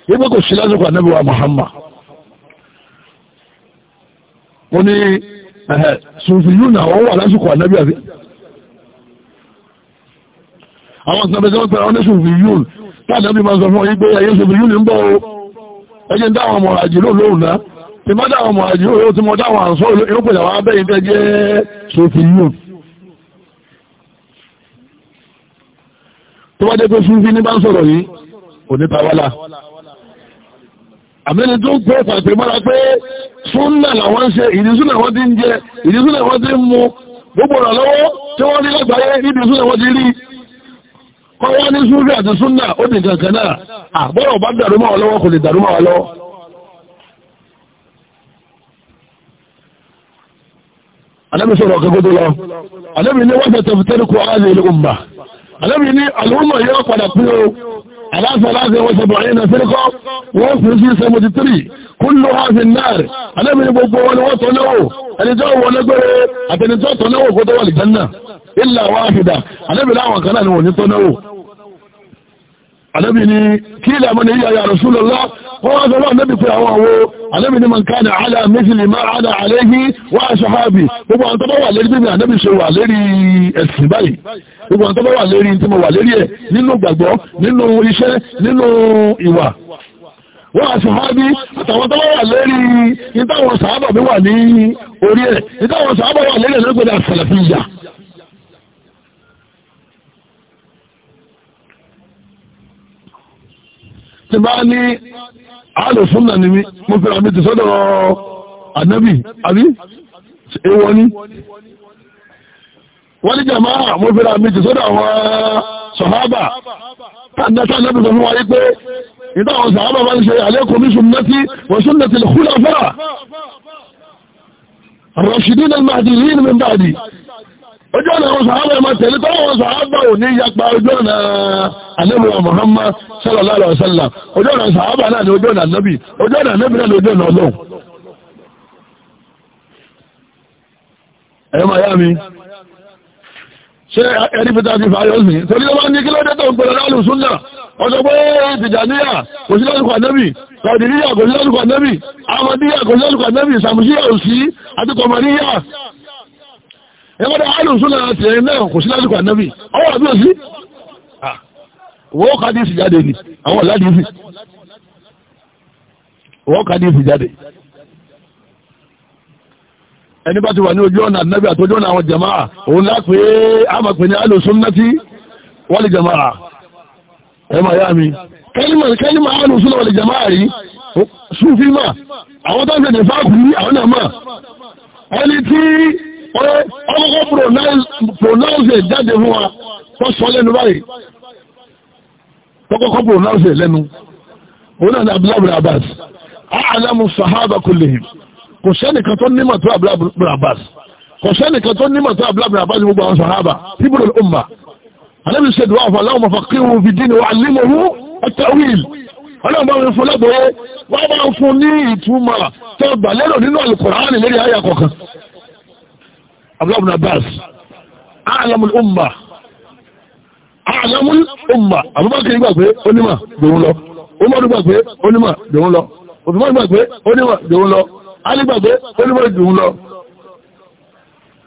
yípo kò sí lásìkò ànábì wa Muhammad ó ní ẹ̀hẹ̀ na náà wọ́n wà lásìkò ànábì àbí àwọn ìsìnàbẹ̀ tí wọ́n pẹ̀lú àwọn ma sọ fún ọ yípo ẹ̀yẹ sùfìyú ní ń bọ̀ ẹjẹ́ dáwọn ọmọ àjìlò lóòrùn tó bá dé pé fún fún ní bá ń sọ̀rọ̀ yìí kò ní tawala àmẹ́ni tó ń pẹ́ pàṣẹ mọ́ra pé súnà làwọn ń ṣe ìdísúnà wọ́n ti ń jẹ ìdísúnà wọ́n ti ń mu gbogbo rà lọ́wọ́ tí wọ́n ní lágbàáyé ìdísúnà wọ́n ti rí kọ́ wọ́n ní súnà àti súnà ó ní kankan náà àbọ̀rọ̀ bá dàrú mọ́ lọ́wọ́ kò lè dàrú mọ́ lọ́wọ́ Ànábì sọ̀rọ̀ kan kó tó lọ Ànábì ní wọ́n tẹ̀ tẹ̀ fún tẹ́lẹ̀ kó Àlẹ́bí ní àlúmọ̀ yóò padà pín o, aláṣẹ aláṣẹ wọ́n ṣe bọ̀rẹ́ ìnà síríkọ́, wọ́n fi sí 73, kúlù hàfi náàrì, àlẹ́bí ní gbogbo wọn ni wọ́n tọ́ náwó, ẹnijọ́ wọn lẹ́gbẹ̀rẹ̀ àtẹnijọ́ tọ́ náwó kó tó wà lìjánà, ìlà wáhìdà, àlẹ́bí láwọn kan ni wọ́n ní tọ́ náwó. Àlẹ́bí ní kí ilẹ̀ mọ́ ni yíya yà Rasulullah wọ́n wá sọ́wọ́ ànábì pé àwọn àwo ànábì ní mọ̀nká ní àádá méjìlì máa àádá àléhí wá aṣọ́hábì gbogbo àwọn tọ́bọ̀ wà lérí bíbí ànábì ṣe wà lérí ẹ̀sìn báyìí gbogbo àwọn tọ́bọ̀ wà lérí tí mo wà lérí ẹ̀ nínú gbàgbọ́ nínú iṣẹ́ nínú ìwà wọ́n aṣọ́hábì àtàwọn tọ́bọ̀ wà lérí ìtàwọn sàábà mi wà ní orí ẹ̀ ìtàwọn sàábà wà lérí ẹ̀ tí bá ní على سنة نمي مفر عميت صدر النبي أبي إيه واني ولجماعة مفر عميت صدر وصحابة فأنتا نبي صلى الله عليه وسلم إذا وصحابة ما نشأي عليكم بسنتي وسنة الخلفاء الراشدين المهديين من بعدي ojú ọ̀nà àwọn sàábà ẹ̀mọ́ tẹ̀lé tó àwọn sàábà ò ní yapa ojú ọ̀nà ànábì Muhammad sallallahu alaihi wasallam ojú ọ̀nà sàábà náà ni ojú ọ̀nà ànábì ojú ọ̀nà ànábì náà ni ojú ọ̀nà ọlọ́run ẹ̀yọ́ màyá mi ṣé ẹni fi tàbí fàáyọ́ sí torí wọ́n ní kí ló dé tó ń pèrè lálù súnà ọjọ́ pé tìjàníyà kò sí lọ́dún kọ̀ọ̀nẹ́bì kọ̀dìníyà kò sí lọ́dún kọ̀ọ̀nẹ́bì amadiya kò sí lọ́dún kọ̀ọ̀nẹ́bì sàmùsíyà òsì àti kọ̀mọ̀níyà ẹgbẹ́dá alùsùnà àti ẹ̀yìn náà kò sí lásìkò ànábì ọwọ́ àbí òsí wọ́n kàdí ìsì jáde ni àwọn ọ̀làdí ìsì wọ́n kàdí ìsì jáde ẹni bá ti wà ní ojú ọ̀nà ànábì àti ojú ọ̀nà àwọn jamaà òun lápé àmàpé ní alùsùnà tí wọ́n lè jamaà ẹ máa yá mi kẹ́límà alùsùnà wọ́n lè jamaà rí súnfí mà àwọn tó ń ṣe ọkọ̀ pronounce jáde fún wa wọ́n sọ lẹ́nu báyìí ọkọ̀ pronounce lẹ́nu òun náà ni abúlábùrù abbas aláàmù sahaba kullihim kò sẹ́nìkan tó nímọ̀ tó abúlábùrù abbas kò sẹ́nìkan tó nímọ̀ tó abúlábùrù abbas gbogbo àwọn sahaba tíbùrù umma alábi ṣe dùn àwọn aláwọ̀ faqihu fi dini wa allimuhu at-ta'wil ọlọ́run bá wọn fún lágbóyé wọ́n bá fún ní ìtumọ̀ tó gbà lérò nínú al-Qur'an lórí àyà kọ̀ọ̀kan abdullahi abbas alamul umma alamul umma abubakar gbà pé onímọ̀ dòun lọ umar gbà pé onímọ̀ dòun lọ osman gbà pé onímọ̀ dòun lọ ali gbà pé onímọ̀ dòun lọ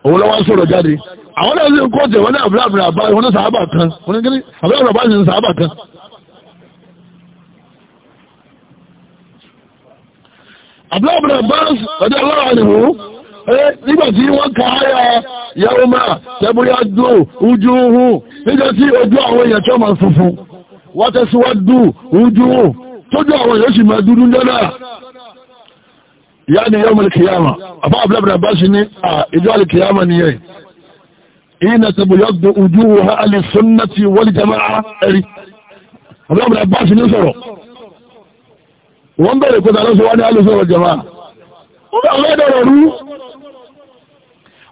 òun lọ́wọ́ sọ̀rọ̀ jáde àwọn náà sì ń kọ́ tẹ̀ wọ́n ní abdullahi abbas wọ́n ní sàábà kan wọ́n ní kíní abdullahi abbas ní sàábà kan abdullahi abbas ọjọ́ aláwọ̀ àdìhùn nígbàtí wọ́n ká ayá yàwó máa tẹ́búyá dò ojú ohun níjọ́ tí ojú àwọn èèyàn tó máa funfun wọ́n tẹ́síwájú ojú ohun tójú àwọn èèyàn sì máa dúdú jọ́nà ìyá ni yọ́mọ̀ kìyàmà àbá àbúlẹ̀bẹ̀rẹ̀ bá ṣe ní ìjọ́ alìkìyàmà ni yẹn ìyínà tẹ́búyá dò ojú ohun alìsúnnàtì wal jama'a ẹ̀rí bẹ̀rẹ̀ pẹ̀lú alọ́sọ̀wọ́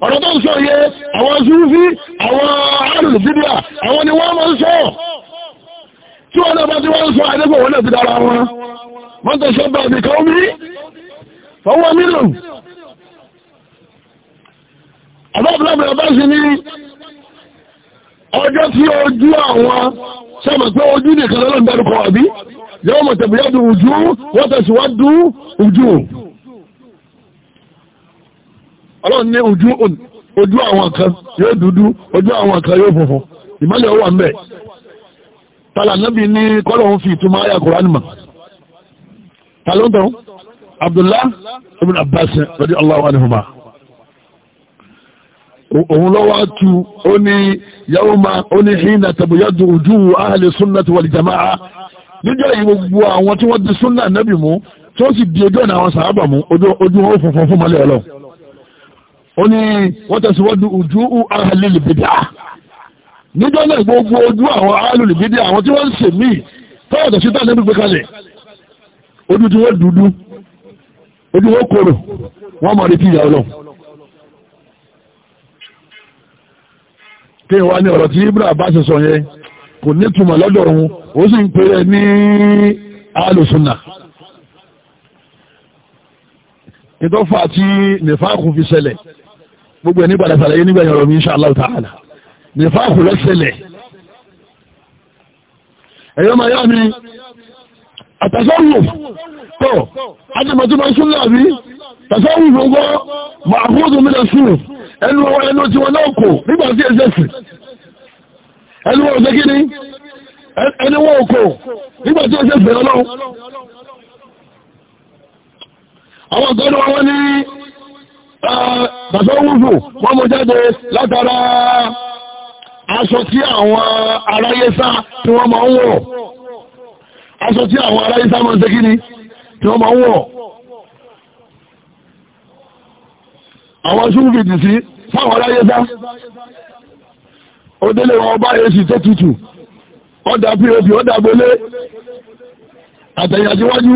ọ̀rọ̀ tó ń sọ yẹ àwọn ṣúfí àwọn alùfídíà àwọn ni wọ́n máa ń sọ tí wọ́n náà bá ti wọ́n sọ àdẹ́gbò wọ́n náà ti dára wọn wọ́n tó ṣọ́bà nìkan omi fọwọ́ mílò àbábùlábùlá bá sì ní ọjọ́ tí ojú àwọn sọ́mọ̀ pé ojú nìkan lọ́lọ́ ọlọ́run ní ojú ojú àwọn kan yóò dúdú ojú àwọn kan yóò funfun ìmọ́lẹ̀ ó wà ń bẹ̀ tààlà náàbì ní kọ́lọ̀ ń fi ìtumọ̀ ayà kùránì mà tàlóńtàn Abdullah ibn Abbas radiyallahu anhuma òun lọ wá tu ó ní yawma ó ní hina tabyaddu wujuhu ahli sunnati wal jama'a níjọ́ yìí gbogbo àwọn tí wọ́n di súnnà náàbì mú tí ó sì di ojú ọ̀nà àwọn sàábà mú ojú wọn funfun fún mọ́lẹ̀ ọlọ́run oni ní wọ́n tẹ̀síwọ́dù ojú ahlil bid'a níjọ́ náà gbogbo ojú àwọn ahlil bid'a àwọn tí wọ́n ń ṣe míì tọ́wọ́ tẹ̀sí tá lẹ́nu gbé kalẹ̀ ojú tí wọ́n dúdú ojú wọ́n kòrò wọ́n mọ̀ rí kíyà ọlọ́run kí wá ní ọ̀rọ̀ tí ibra bá ṣe sọ yẹn kò ní túmọ̀ lọ́dọ̀ òun ó sì ń pèrè ní alùsùnà ìtọ́fà tí nìfàkùn fi ṣẹlẹ̀ gbogbo ẹni padà sàlàyé nígbà yọrọ mi insha Allah ta'ala nífàkù lọ́sẹ̀lẹ̀ ẹ̀yọ́ máa yá mi àtàṣọ́wù tó adìmọ̀tí máa àbí tàṣọ́wù gbogbo máa fóòdù mílẹ̀ sùn ẹnu ẹnu tí náà kò nígbà sí ẹnu wọn bàbá wúfù wọ́n mú jáde látara aṣọ tí àwọn aráyé sá tí wọ́n máa ń wọ̀ aṣọ tí àwọn aráyé sá máa ń tẹ́kí ni tí wọ́n máa ń wọ̀ àwọn ṣúrùkì dì sí fáwọn aráyé sá ó délé wọn ọba èsì tó tutù ọ̀dà pop ọ̀dà gbélé àtẹ̀yàjíwájú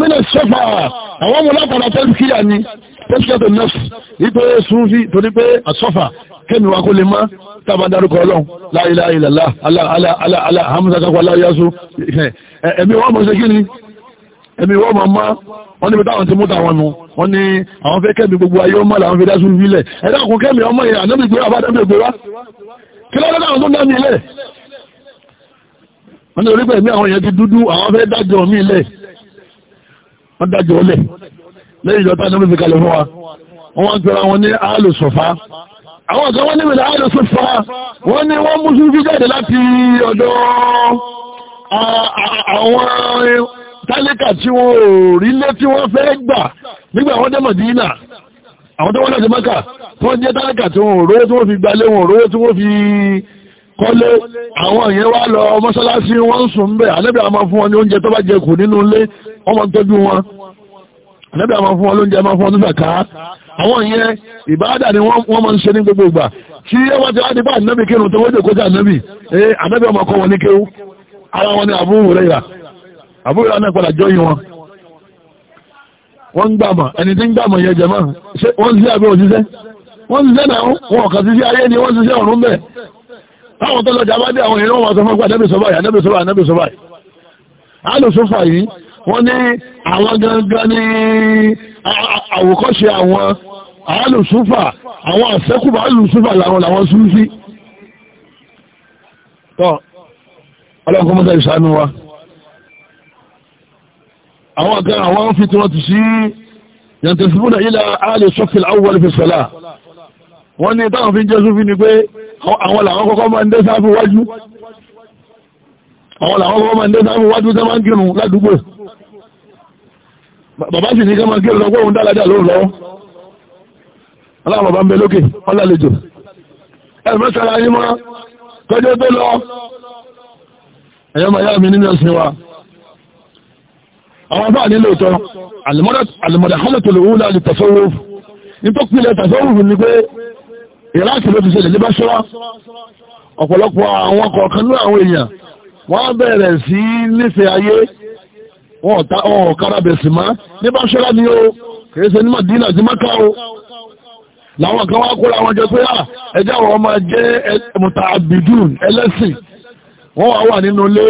mílẹ̀ sọ́fà àwọn ọmọ lápàdà tẹ́lú kí yà ní pẹ́sìkẹ́tò nọ́ọ̀sì wípé súnfí torí pé àsọ́fà kẹ́mi wa kó lè má tábà dárúkọ ọlọ́run la ilaha illallah aláàlá hamza kakọ aláyásó ẹ̀mí wọ́n mọ̀ ṣe kí ni ẹ̀mí wọ́n mọ̀ má wọ́n níbi táwọn ti mú táwọn nù wọ́n ní àwọn fẹ́ kẹ́mi gbogbo ayé ọmọ làwọn fi dá súnfí lẹ̀ ẹ̀dá kún kẹ́mi ọmọ mi lẹ̀ wọ́n ní orí pẹ̀lú àwọn wọ́n dájọ́ ọlẹ̀ lẹ́yìn ìjọta ní wọ́n fi kalẹ̀ fún wa wọ́n wọ́n pẹ̀lú àwọn ní alùsọ̀fà àwọn kan wọ́n ní ìwìlẹ̀ alùsọ̀fà wọ́n ní wọ́n mú sí jáde láti ọ̀dọ̀ àwọn tálíkà tí wọ́n rí lé tí wọ́n fẹ́ gbà nígbà wọ́n àwọn tó wá lọ mọ́sálásí wọ́n ń sùn bẹ́ẹ̀ alẹ́bẹ̀ a fún wọn ní oúnjẹ tó bá jẹ kù nínú ilé wọ́n máa ń tọ́jú wọn ànábì àwọn fún wọn lóúnjẹ máa fún wọn nígbà ká àwọn ìyẹn ìbáàdà ni wọ́n máa ń ṣe ní gbogbo ìgbà tí ẹwà ti wá nípa ànábì kírun tó wọ́jọ́ kọjá ànábì ee ànábì ọmọ kọ́ wọn ní kéwú ara wọn ni Abu Huraira Abu Huraira náà padà jọyìn wọn wọ́n ń gbàmà ẹni tí ń gbàmà yẹ jẹ̀mọ́ wọ́n ń ṣe àbẹ̀ òṣìṣẹ́ wọ́n ń ṣe náà wọn ọ̀kan sí ayé ni wọ́n ń ṣe ọ̀run bẹ̀ táwọn tó lọ jàbá dé àwọn ìran wọn sọ fún pé ànábì sọ báyìí ànábì sọ báyìí ànábì sọ báyìí wọ́n ní àwọn gangan ní àwòkọ́ṣe àwọn àálùsúfà àwọn àṣẹ́kùbà àálùsúfà làwọn làwọn súnfí tọ́ ọlọ́kọ́mọ́ta ìṣàánú wa àwọn kan àwọn fi tí wọ́n ti sí yantasibuna ila àálù sọ́fì àwọn fi sọ́lá wọ́n ní táwọn fi jẹ́ súnfí ni pé àwọn làwọn kọ́kọ́ máa ń dé sáfù wájú àwọn làwọn kọ́kọ́ máa ń dé sáfù wájú tẹ́ máa ń kírun ládùúgbò bàbá sì ní ká máa kéré lọ́gbọ́n dáadáa lóòrùn lọ́wọ́ aláwọ̀ bàbá ń bẹ lókè wọ́n lálejò ẹ̀mẹ́sàrá yí máa tọ́jọ́ tó lọ ẹ̀yọ́ máa yá mi nínú ẹ̀sìn wa àwọn bá nílò tọ́ àlùmọ̀dà hálẹ̀tò lè wúlò wọn ọ̀tá ọ̀kára bẹ̀sì má ní báṣọ́lá ni ó kìí ṣe ní Madina sí Maka o làwọn kan wá kóra wọn jẹ pé à ah, ẹjẹ́ àwọn ọmọ jẹ́ mùtà abidun ẹlẹ́sìn wọ́n wá wà nínú ilé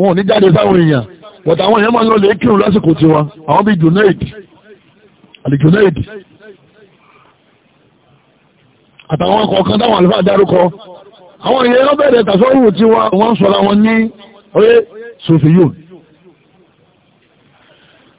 wọn ò ní jáde sáwọn èèyàn but àwọn èèyàn máa ń lọ lè kírun lásìkò tiwọn àwọn bíi Junaid àti àtàwọn kọ̀ọ̀kan táwọn àlùfáà dárúkọ àwọn èèyàn bẹ̀rẹ̀ tàṣọ́rù tiwọn wọ́n sọ̀rọ̀ wọn ní oyè sofiyun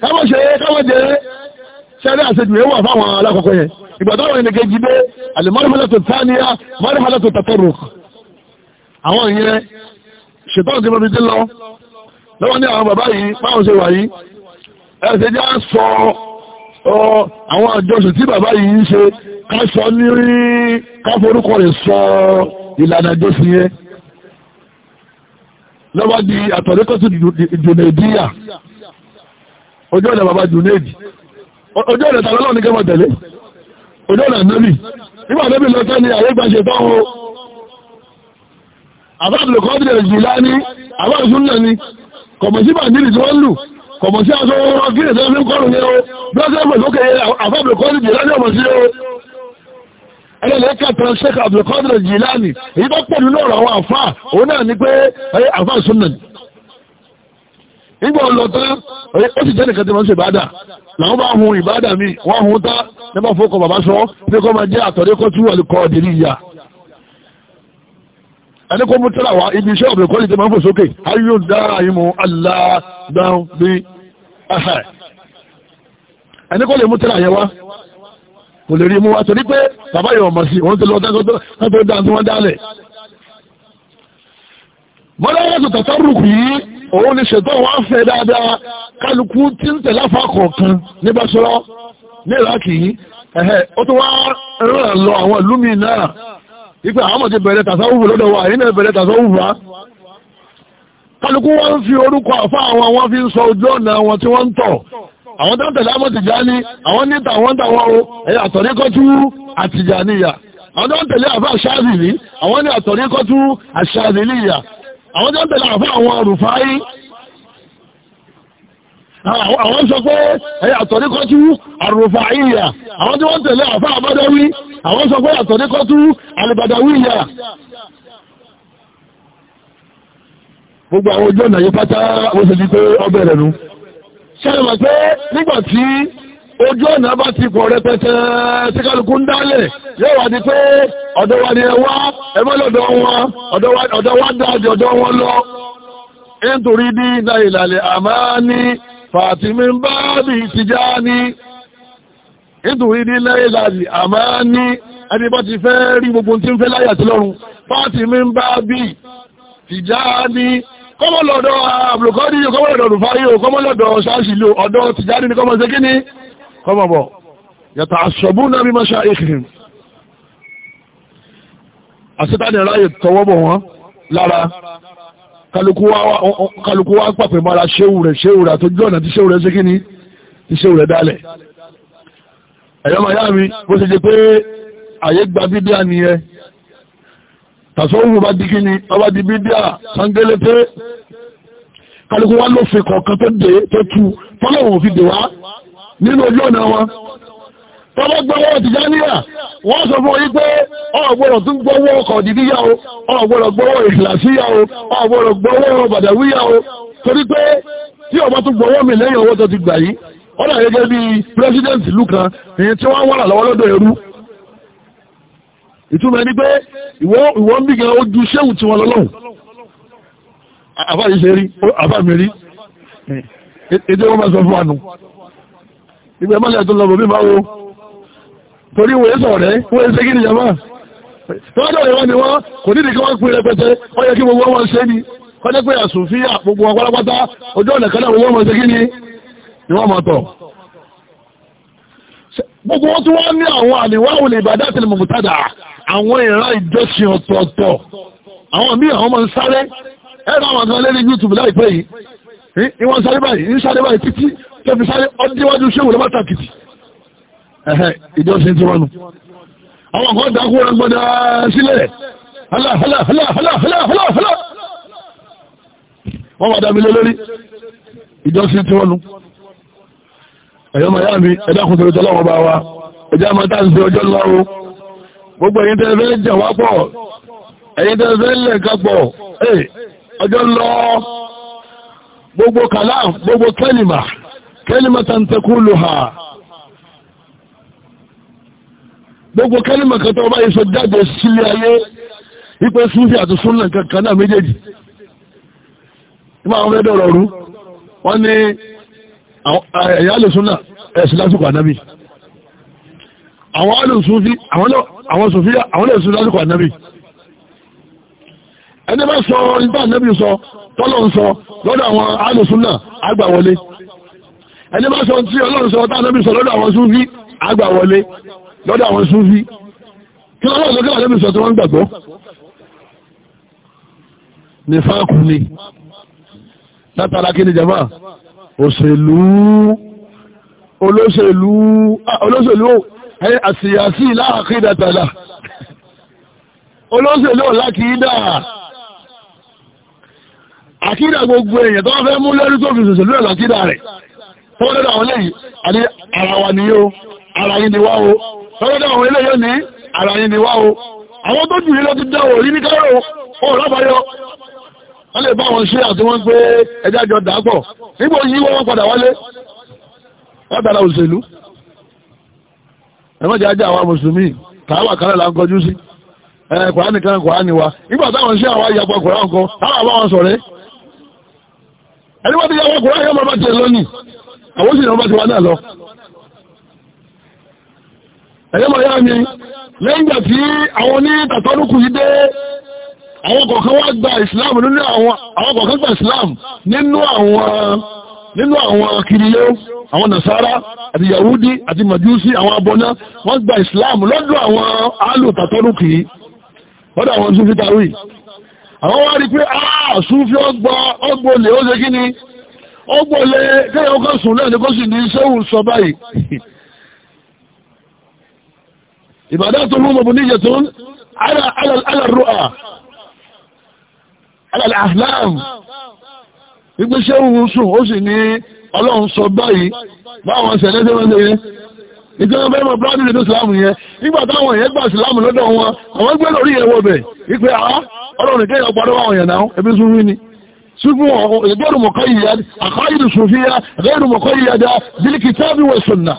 káwọn ṣe káwọn jẹ ṣẹ́rí àṣejù yẹn wà fáwọn alákọ̀ọ́kọ́ yẹn ìgbà táwọn ẹni kejì dé àlèmọ́rìmọ́lá tó táníyà mọ́rìmọ́lá tó tàtọ́rọ̀ àwọn ìyẹn ṣètọ́n ti mọ́bi lọ́wọ́ di àtọ̀rẹ́kọ́sí ìdùnnà ìdíyà ojú ọ̀nà bàbá junaid ojú ọ̀nà tàbí ọlọ́run ní kẹ́mọ̀ tẹ̀lé ojú ọ̀nà nẹ́bì nígbà nẹ́bì lọ́tẹ́ ni àyè gbàṣẹ tán o àbá àbùlù kọ́dìrẹ̀ jùlá ní àbá ìsúnlẹ̀ ni kọ̀mọ̀ sí bàndìrì tí wọ́n lù kọ̀mọ̀ sí aṣọ wọn kí ẹ̀sẹ̀ fi ń kọrùn yẹn o bí wọ́n sẹ́fẹ̀ lókè àbá àbùlù kọ́dìrẹ̀ jùlá ní ọmọ sí o ẹlẹ́lẹ́kà tán sẹ́kà àbùlù kọ́dìrẹ̀ jùlá ní èyí tó pọ̀ nínú ọ̀rọ̀ àwọn àfà òun náà ni pé àfà ìsúnlẹ̀ nígbà ọlọ́tán ó sì jẹ́ nìkan tí wọ́n ń ṣe ìbádà làwọn bá hun ìbádà mi wọ́n hun tá nígbà fún ọkọ̀ bàbá sọ pé kọ́ máa jẹ́ àtọ̀rẹ́kọ́ tí wọ́n kọ́ ọ̀dẹ̀rí ìyá ẹni kó mú tẹ́lá wá ibi iṣẹ́ ọ̀bẹ̀ kọ́lì tí máa ń fò sókè ayò dáàmú aláàdáwí ẹni kó lè mú tẹ́lá yẹn wá kò lè rí mú wá torí pé bàbá yọ̀ ọ̀mọ̀ sí òun ti lọ dáńtọ́ dáńtọ́ wọn dálẹ̀ mọ́lá yẹn tó tàtàrùkù yìí òun ni ṣètò wọn fẹ́ dáadáa kálukú tí ń tẹ̀lé afa kọ̀ọ̀kan ní Basra ní Iraki yìí ẹ̀hẹ́ ó tún wá ràn lọ àwọn ìlú mi náà ipe àwọn ọmọdé bẹ̀rẹ̀ tàṣáwùfù lọ́dọ̀ wa èyí náà bẹ̀rẹ̀ tàṣáwùfù wa kálukú wọn fi orúkọ àfa àwọn wọn fi ń sọ ojú ọ̀nà wọn tí wọ́n ń tọ̀ àwọn tó ń tẹ̀lé Ahmad Tijani àwọn ní tàwọn tàwọn o ẹ̀yà àtọ̀ríkọ́tú àtìjàníyà àwọn tó ń àwọn tó ń tẹ̀lé àfá àwọn rùfáì àwọn sọ pé ẹ̀yà àtọ̀ríkọ́tú àrùfáìyà àwọn tí wọ́n tẹ̀lé àfá àbádáwí àwọn sọ pé àtọ̀ríkọ́tú àlìbàdáwíyà gbogbo àwọn ojú ọ̀nà yí pátá ó sì di pé ọbẹ̀ rẹ̀ nú ṣẹ́rẹ̀ mọ̀ pé nígbàtí ojú ọ̀nà bá ti pọ̀ rẹpẹtẹ tí kálukú ń dálẹ̀ yóò wá di pé ọ̀dọ̀ wa ni ẹ wá ẹ mọ́ lọ́dọ̀ wọn ọ̀dọ̀ wa dájọ́ ọ̀dọ̀ wọn lọ nítorí ní ìlà ìlàlẹ̀ àmá ní fàtìmí bá bí ìtìjá ní nítorí ní ìlà ìlàlẹ̀ àmá ní ẹni bá ti fẹ́ rí gbogbo tí ń fẹ́ láyà sí lọ́run fàtìmí bá bí ìtìjá ní kọ́mọ́lọ́dọ̀ àbùlùkọ́dí kọ́mọ́lọ́dọ̀ kọ́mọ̀ bọ̀ yàtà àṣọ̀bù náà bí máṣá ìkìhìn àṣetánì ráyè tọwọ́ bọ̀ wọ́n lára kálukú wá pàpẹ̀ mara ṣéwù rẹ̀ ṣéwù rẹ̀ àtọ́jú ọ̀nà tí ṣéwù rẹ̀ ṣe kíní tí ṣéwù rẹ̀ dálẹ̀ ẹ̀yọ́ màá yá mi bó ṣe jẹ pé àyè gba bídíà nìyẹn tàṣọ́wù bá di kíní ọba di bídíà sangelete kálukú wá lófin kọ̀ọ̀kan tó dé tó tu fọ́lọ́wọ̀n fi dè wá nínú ojú ọ̀nà wọn tọ́lọ́ gbọ́wọ́ Tìjàníyà wọ́n sọ fún yín pé ọ̀gbọ́rọ̀ tún gbọ́wọ́ Kọ̀dìdíyà o ọ̀gbọ́rọ̀ gbọ́wọ́ Ìsìlàsíyà o ọ̀gbọ́rọ̀ gbọ́wọ́ Bàdàwíyà o torí pé tí ọba tún gbọ́wọ́ mi lẹ́yìn owó tó ti gbà yìí ó dà gẹ́gẹ́ bí president ìlú kan èyí tí wọ́n wọ́n lọ́wọ́ lọ́dọ̀ ẹrú ìtumọ̀ ni pé ìwọ ń bí gan ojú ṣéhùn tí wọ́n lọ́lọ́hùn àbá yìí ṣe rí àbá mi rí èdè wọn bá sọ fún wa nù ìgbẹ́ mọ́lẹ̀ tó lọ́bọ̀ bí máa wo torí wọ́n sọ rẹ̀ wọ́n ṣe kí ni jama wọ́n dọ̀rẹ̀ wọ́n ni wọ́n kò nídìí kí wọ́n pín rẹpẹtẹ wọ́n yẹ kí gbogbo wọn ṣe ni wọ́n jẹ́ pé àsùnfíà gbogbo wọn pátápátá ojú ọ̀nà kan náà wọ́n mọ̀ ṣe kí ni ni wọ́n mọ̀ tọ̀ gbogbo wọn tí wọ́n ní àwọn àníwáwò lè ìbàdá àti mọ̀mùtádà àwọn ìran ìjọsìn ọ̀tọ̀ọ̀tọ̀ àwọn míì àwọn ọmọ ń sáré ẹ̀rọ àwọn kan lérí YouTube láìpẹ́ yìí ni wọ́n sáré báyìí ń sáré báyìí títí tó fi sáré ọdíwájú ṣéwù lọ́wọ́ ẹ̀hẹ́ ìjọsìn tí wọ́n àwọn kan dákú rẹ̀ gbọ́dá sílẹ̀ hálàhálàhálàhálàhálà kalimatan taquluha gbogbo kẹ́lìmà kan tó bá ìsọ jáde sílé ayé ipé súnfì àti súnnà kankan náà méjèèjì ìmáwọn fẹ́ dọ̀rọ̀ rú wọ́n ní ẹ̀yà lè súnnà ẹ̀sì lásìkò ànábì àwọn alùsúnfì àwọn sùnfì àwọn lè sún lásìkò ànábì ẹni bá sọ ìgbà ẹni bá sọ tí ọlọ́run sọ táà lẹ́bí sọ lọ́dọ̀ àwọn súnfí àgbà wọlé lọ́dọ̀ àwọn súnfí kí ọlọ́run sọ kíwà lẹ́bí sọ tí wọ́n gbàgbọ́ ní fáàkù ni látara kí ni jama òṣèlú olóṣèlú ah, olóṣèlú àṣìyàṣì láàkídàtàlà olóṣèlú lákìídà àkídà gbogbo èèyàn tó wọ́n fẹ́ mú lórí tó fi ṣòṣèlú ẹ̀ lákìídà rẹ̀ wọ́n lọ́dọ̀ àwọn eléyìí àní ara wa ni yóò ara yìí ni wá o lọ́dọ̀ àwọn eléyìí ní ara yìí ni wá o àwọn tó jù lọ ti dá o ní káró o lábáyọ wọ́n lè bá wọn ṣe àti wọ́n pé ẹjá jọ dàápọ̀ ẹni wọ́n ti yà wọ́n kùnrin mọ́ bá tẹ̀ lónìí àwọn òṣìṣẹ́ ọba ti wá náà lọ ẹ̀yẹ́ mọ̀ yá mi lẹ́yìn ìgbà tí àwọn ní tàtọ́rùkù yìí dé àwọn kọ̀ọ̀kan wá gba islam nínú àwọn àwọn kọ̀ọ̀kan gba islam nínú àwọn nínú àwọn kìrìyó àwọn nasara àti yahudi àti majusi àwọn abọ́ná wọ́n gba islam lọ́dọ̀ àwọn alò tàtọ́rùkù yìí lọ́dọ̀ àwọn súnfí tàwí àwọn wá rí pé ah súnfí ọgbọ́ ọgbọ́ lè ó ṣe kí ni ó gbọ́lẹ̀ kẹ́yàn ọkọ̀ sùn náà ní kó sì ní sẹ́wùn sọ báyìí ìbàdàn tó mú mọ̀bù níjẹ̀ tó ń alàrúà alàláàm wípé sẹ́wùn sùn ó sì ní ọlọ́run sọ báyìí báwọn sẹ̀lẹ́ tó wọ́n lè ìjọba bẹ́ẹ̀ mọ̀ bíláàdì lè tó sìláàmù yẹn nígbà táwọn èèyàn gbà sìláàmù lọ́dọ̀ wọn àwọn gbé lórí ẹ̀wọ̀ bẹ̀ wípé àá ah, ọlọ́run kẹ́yàn ọ̀pọ̀ àwọn èèyàn náà ẹbí sún ni صفة غير مقيد عقائد الصوفية غير مقيدة بالكتاب والسنة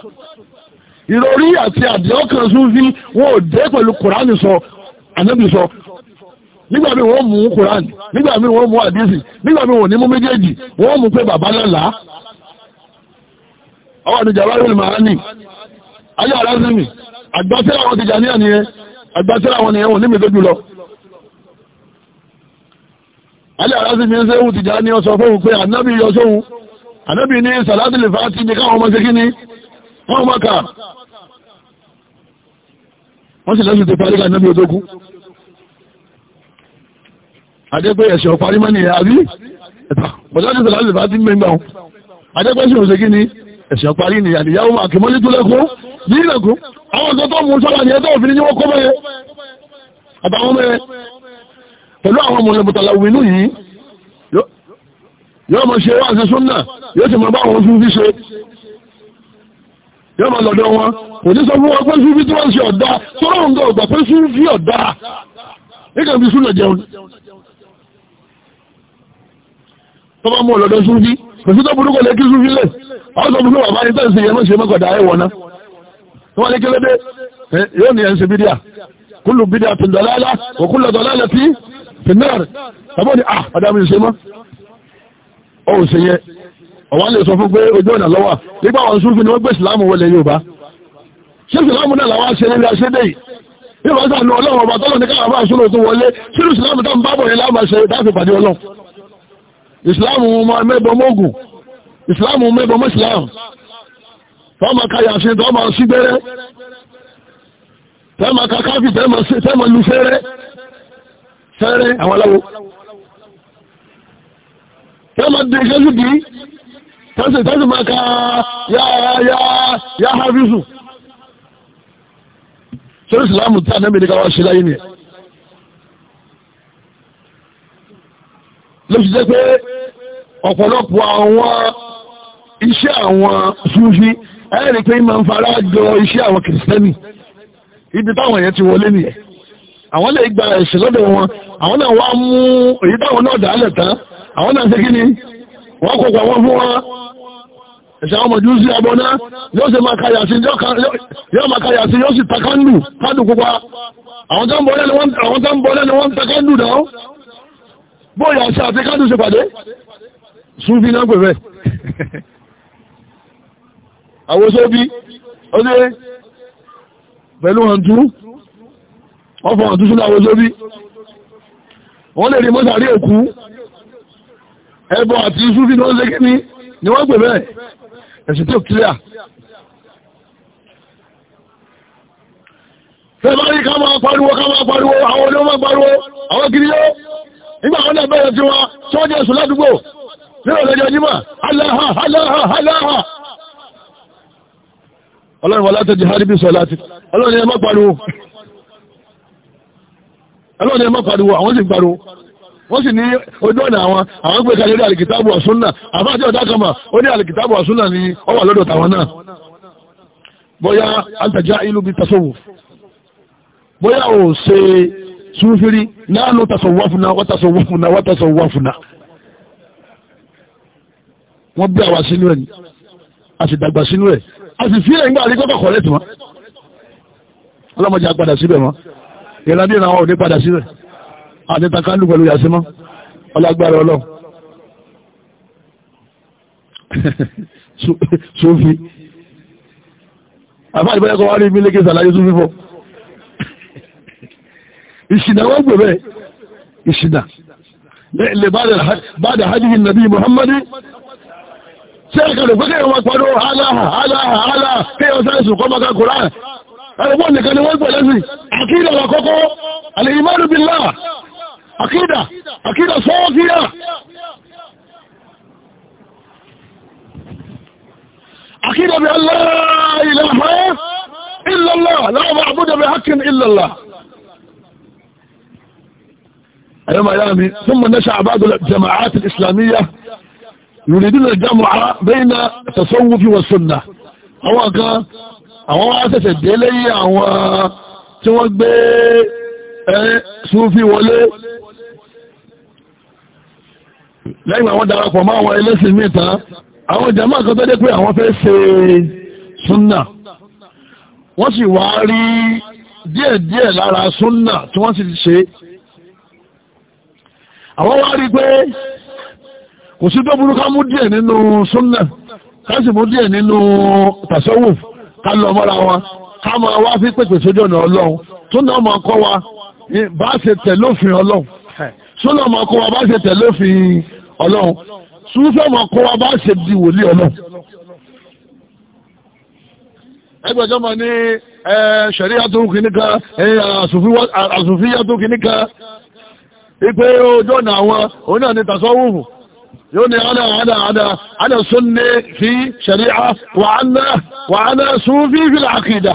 ìrọ̀rí àti àdìọ́kàn súnfí wọ́n ò dé pẹ̀lú kòránì sọ ànábì sọ nígbà míì wọ́n mú kòránì nígbà míì wọ́n mú àdísì nígbà míì wọ́n ní mú méjèèjì wọ́n mú pé bàbá lọ́la àwọn àdìjà wáyé lè máa ní ayé àrásìmì àgbàtẹ́rà àwọn tìjà ní àníyẹ àgbàtẹ́rà àwọn ènìyàn wọn ní mi lójú alẹ́ àrásí mi ń sẹ́ òun ti jà ní ọsọ fóun pé ànábì yọ sóhun ànábì ní sàlátìlì fàájì ní káwọn ọmọ sí kí ni wọ́n mọ́ kà wọ́n sì lẹ́sùn ti parí ká ànábì odókú adépé ẹ̀ṣẹ̀ ọ̀parí mẹ́ni àbí ní sàlátìlì fàájì mẹ́gbà wọn adépé sì òun sí kí ni ẹ̀ṣẹ̀ ọ̀parí ni àdìyàwó máa kì ní ìlẹ̀kọ́ àwọn ni ẹ̀tọ́ òfin ni wọ́n kọ́ mẹ́yẹ pẹ̀lú àwọn ọmọ ọlọ́bùtàlà wínú yìí yóò mọ̀ ṣe wáṣẹ súnnà yóò sì mọ̀ bá wọn fún fi ṣe yóò mọ̀ lọ́dọ̀ wọn kò ní sọ fún wọn pé súnfí tí wọ́n ṣe ọ̀dá sọ́rọ̀ ń gọ ọ̀gbà pé súnfí ọ̀dá nígbà fi súnnà jẹun tó bá mọ̀ lọ́dọ̀ súnfí kò sí tó burúkọ lè kí súnfí lẹ̀ ọ́ sọ fún wọn bá ní tẹ́sí yẹn mọ́ṣe mọ́kọ̀dá ẹ̀wọ̀n náà wọ́n lè kí lédè yóò ní ẹ̀ ń ṣe bídíà kúlù bídíà tó dọ̀lá fìnnáàrì bàbá ni ah ọ̀dà mi ṣe mọ́ ọ ò ṣe yẹ ọ̀wá lè sọ fún pé ojú ọ̀nà lọ́wọ́ nígbà wọn sún fún ni wọ́n gbé ìsìláàmù wọlé Yorùbá ṣé ìsìláàmù náà làwọn ṣe nílé aṣẹ́dẹ́ yìí bí wọ́n sànù ọlọ́run ọba tọ́lọ́ ní káwọn bá ṣúlò tó wọlé sínú ìsìláàmù tó ń bá bọ̀ yẹn láwọn ṣe dáàfin pàdé ọlọ́run ìsìláàmù mẹ́bọ mọ́gùn ìsìláàmù mẹ́bọ mọ́sìláàmù tọ́mọ káyà ṣe tọ́mọ sígbẹ́rẹ́ tẹ́mọ kakáfì tẹ́mọ lufẹ́rẹ́ tẹ́rẹ́ àwọn aláwọ̀ tẹ́mọ̀ dé ṣẹ́sù bí tẹ́sì tẹ́sì máa ka yá hafizu sórí ìsìlámù tí àdẹ́bìnrin ká wá ṣe láyé ni ló fi jẹ́ pé ọ̀pọ̀lọpọ̀ àwọn iṣẹ́ àwọn sufi ẹ̀rì pé ìmọ̀ ń fara jọ iṣẹ́ àwọn kìrìsìtẹ́nì ibi táwọn èèyàn ti wọlé nìyẹn àwọn lè gba ẹ̀sìn lọ́dọ̀ wọn àwọn náà wá mú èyí táwọn náà dálẹ̀ tán àwọn náà ṣe kí ni wọ́n kò pàwọ́ fún wọn ẹ̀sẹ̀ àwọn ọmọdún sí abọ́ná yóò ṣe máa kàyà sí yóò máa kàyà sí yóò sì takándù kádù pupa àwọn tó ń bọ́ lẹ́nu wọ́n ń takándù náà bóyá ṣe àti kádù ṣe pàdé súnfí náà pẹ̀fẹ́ àwòsóbí ọdẹ pẹ̀lú hàn tún wọ́n fọ́n àtúnṣe láwọn lórí wọ́n lè rí mọ́sàrí òkú ẹbọ àti ṣúfì ló ń ṣe kíní ni wọ́n gbè bẹ́ẹ̀ ẹ̀sìn tó kílíà fẹ́bàrí ká máa pariwo ká máa pariwo àwọn olóò máa pariwo àwọn kiri yóò nígbà wọn náà bẹ̀rẹ̀ tí wọn tí wọ́n jẹ́ sùn ládùúgbò nínú ọ̀lẹ́jọ́ jímà aláha aláha aláha ọlọ́run wọlá tẹ́jì hárí bí sọ láti ọlọ́run ẹ má pariwo ọlọ́run ẹ má pariwo àwọn sì pariwo wọ́n sì ní ojú ọ̀nà àwọn àwọn gbé kalẹ̀ orí àlìkìtàbù àsúnà àbájẹ́ ọ̀dá kan mà ó ní ni ó wà lọ́dọ̀ tàwọn náà bóyá àtàjá ìlú bíi tasawuf bóyá ò ṣe súnfírí nánú tasawwafuna wátasawwafuna wátasawwafuna wọ́n bí àwa sínú ẹ̀ ni a sì dàgbà sínú ẹ̀ a sì fi ẹ̀ ń gbà àríkọ́kọ̀ kọ̀ọ̀lẹ́tì wọn ọlọ́mọdé agbada síbẹ̀ wọn ìrìnàbí ìrìnà àwọn òní padà sílẹ̀ àtẹ́takálù pẹ̀lú yàsímọ́ ọlágbára ọlọ́run sófí àfáà ìbẹ́lẹ́kọ̀ wá rí mílíkì sàlàyé sófí fọ́ ìṣìnà wọ́n gbẹ̀ bẹ́ẹ̀ ìṣìnà lè bá dà hajji nàbí muhammadu sẹ́ẹ̀kẹ́ lè pẹ́kẹ́ ìwọ̀n pẹ̀lú aláhà aláhà aláhà kí أنا أقول لك أنا وضع لذي عقيدة وكوكو الإيمان بالله عقيدة عقيدة صوتية عقيدة بأن لا إله إلا الله لا معبود بحق إلا الله أيام أيامي ثم نشأ بعض الجماعات الإسلامية يريدون الجمع بين التصوف والسنة هو كان àwọn wá ṣẹ̀ṣẹ̀ dé lẹ́yìn àwọn tí wọ́n gbé ṣúfí wọlé lẹ́yìn àwọn darapọ̀ mọ́ àwọn ẹlẹ́sìn mìta àwọn jàmá kan tó dé pé àwọn fẹ́ ṣe súnnà wọ́n sì wá rí díẹ̀díẹ̀ lára súnnà tí wọ́n sì ṣe àwọn wá rí pé kò sí tó burú mú díẹ̀ nínú súnnà ká díẹ̀ nínú tasawuf ká lọ mọ́ra wọn ká máa wá fi pèpè sójú ọ̀nà ọlọ́run tó náà máa kọ́ wa bá ṣe tẹ̀ lófin ọlọ́run tó náà máa kọ́ wa bá ṣe tẹ̀ lófin ọlọ́run súnfẹ́ máa kọ́ wa bá ṣe di wòlíì ọlọ́run. ẹgbẹ̀jọ́ máa ní ṣẹ̀ríyà tó kìíní kan àṣùfíyà tó kìíní kan ipe ojú ọ̀nà àwọn òun náà ni tàṣọ́wùfù yóò ní ana ana ana ana sunni fi ṣari'a wa ana wa ana sufi fi al-aqida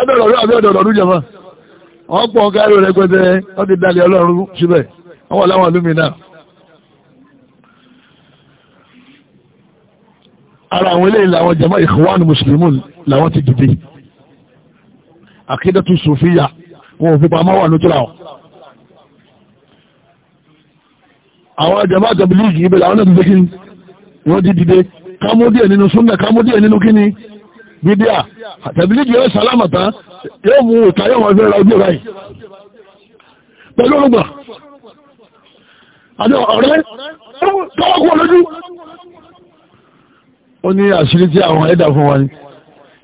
adọ̀rọ̀rú àbí ọ̀dọ̀rọ̀rú jẹma wọ́n pọ̀ kárí rẹ̀ pẹ́tẹ́ wọ́n ti dalẹ̀ ọlọ́run síbẹ̀ wọ́n wà láwọn alúmi náà ara àwọn ilé ìlàwọn jẹma ikhwan muslimun làwọn ti dìde àkídàtú sùfíyà wọn fi pamọ́ wà nútúra àwọn jàmáà tàbílíìgì ibẹ̀ àwọn ẹ̀dùn dékìní wọ́n ti dìde kámúdíẹ̀ nínú súnnà kámúdíẹ̀ nínú kíní bídíà tàbílíìgì yóò sàlámà tán yóò mú òta yóò wọ́n fẹ́ ra ojú báyìí pẹ̀lú orúgbà àti ọ̀rẹ́ tọ́wọ́kọ́ lójú ó ní àṣírí tí àwọn ẹ̀dà fún wa ni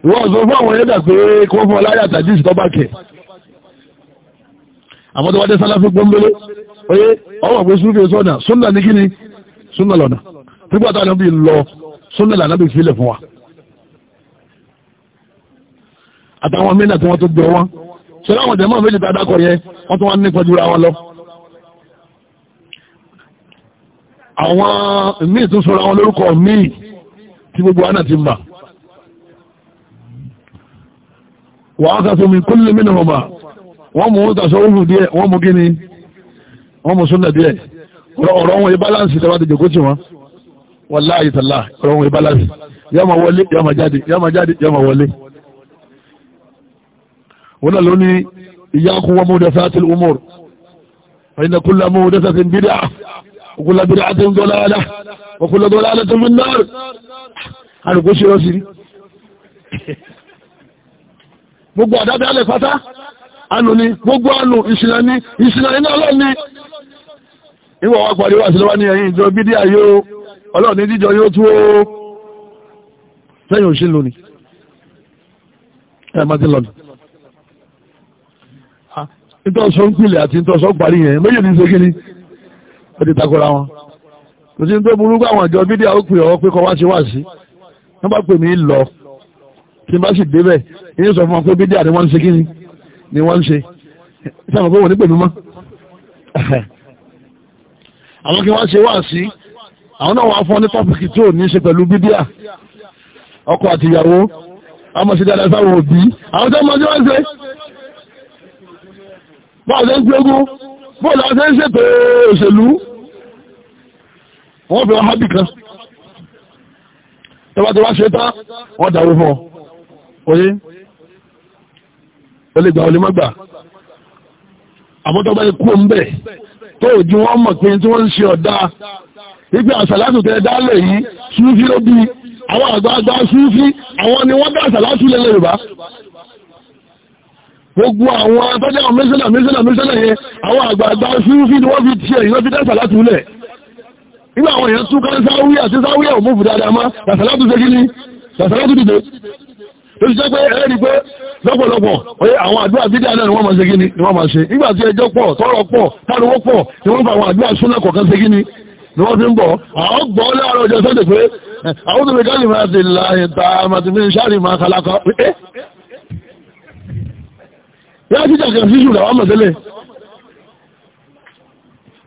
ìwọ́n sọ oye ọwọ́ pé súnfì sọ́nà súnà ní kíni súnà lọ́nà nígbà tá ànábì lọ súnà lànàbì sílẹ̀ fún wa àtàwọn mẹ́nà tí wọ́n tó gbọ́ wọn ṣẹlẹ̀ àwọn jẹ́mọ́ méjì tá a dákọ̀ yẹ wọ́n tó wá nípa jùlọ àwọn lọ àwọn míì tún sọ̀rọ̀ àwọn lórúkọ míì tí gbogbo àná ti mà wọ́n kà sómi kúlẹ̀ mí wọ́n mú tàṣọ́ òhùn díẹ̀ wọ́n mú kí wọ́n mú súnà díẹ̀ ọ̀rọ̀ wọn yìí báláǹsì tẹ́wàá ti jòkó tì wọ́n wàláhì tàlá ọ̀rọ̀ wọn yìí báláǹsì yọ́mà wọlé yọ́mà jáde yọ́mà jáde yọ́mà wọlé. wọn náà ló ní ìyá kún wọn mọ́dé sáàtì umar ọ̀yìnà kúlá mọ́dé sáàtì bídà òkúlá bídà àti dọ́láàdà òkúlá dọ́láàdà tó fi náà àrùkú ṣe rọ́ sí i. gbogbo àdábẹ́ alẹ́ pátá ànú ni gbogbo ànú ìṣìlẹ̀ ni ìṣìlẹ̀ iná ọlọ́ni níwọ̀n wá parí wá sílọ́wọ́ ní ẹ̀yìn ìjọ bídí ayé o ọlọ́ọ̀ni jíjọ yóò tú o lẹ́yìn òṣìlú lónìí ẹ̀ máa ti lọ́nà ìtọ́sọ ń pìlẹ̀ àti ìtọ́sọ parí yẹn méjì ní ṣekiri ó ti takora wọn kò sí tó burú pé àwọn ìjọ bídí àwọn pè ọ́ pé kọ́ wá sí wá sí wọ́n bá pè mí lọ tí n bá sì débẹ̀ ìyẹn sọ fún wọn pé bídí àti wọ́n ń ṣe kí ni wọ́n ń ṣe sáwọn pé àwọn kí wọ́n ṣe wá sí àwọn náà wọ́n fún ní tọ́pìkì tí ò ní ṣe pẹ̀lú bídíà ọkọ àti ìyàwó àmọ̀sí dáadáa sáwọn òbí àwọn tó mọ́jú wọ́n ṣe bọ́ọ̀ ṣe ń gbógún bọ́ọ̀lù àwọn ṣe ń tó òjú wọn mọ̀ pé tí wọ́n ń ṣe ọ̀dá wípé àṣàlátù tẹ́ dálé yìí súnfí ló bí àwọn àgbààgbà súnfí àwọn ni wọ́n dá àṣàlátù lẹ́lẹ̀ yorùbá gbogbo àwọn atọ́jà mẹ́sẹ̀lá mẹ́sẹ̀lá mẹ́sẹ̀lá yẹn àwọn àgbààgbà súnfí ni wọ́n fi tiẹ̀ yìí wọ́n fi dá àṣàlátù lẹ̀ nígbà àwọn èèyàn tún kán sáwíyà sí sáwíyà ò mú bùdáadáa má àṣàlátù ṣe kí ni àṣàlátù dìde tó ti jẹ́ pé ẹ̀rí pé lọ́pọ̀lọpọ̀ oye àwọn àdúrà bídà náà ni wọ́n máa ṣe kíni ni wọ́n máa ṣe nígbà tí ẹjọ́ pọ̀ tọ́rọ̀ pọ̀ táriwó pọ̀ ni wọ́n fa àwọn àdúrà súnà kọ̀ọ̀kan ṣe kíni ni wọ́n fi ń bọ̀ àwọn gbọ́ láàárọ̀ ọjọ́ sọ́dẹ̀ pé àwọn tó fi káàlì máa ti la ìta àmàtí fi ń ṣáàrì máa kàlákà pé eh? yá títà kan sí ṣùgbọ́n àwọn mọ̀tẹ́lẹ̀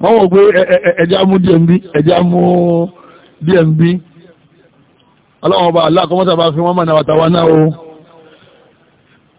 wọ́n wọ́n pé ẹja mú dmb ẹja mú dmb ọlọ́wọ́n bá aláàkọ́mọ́ta bá fi wọ́n mọ̀ náà wàtàwá náà o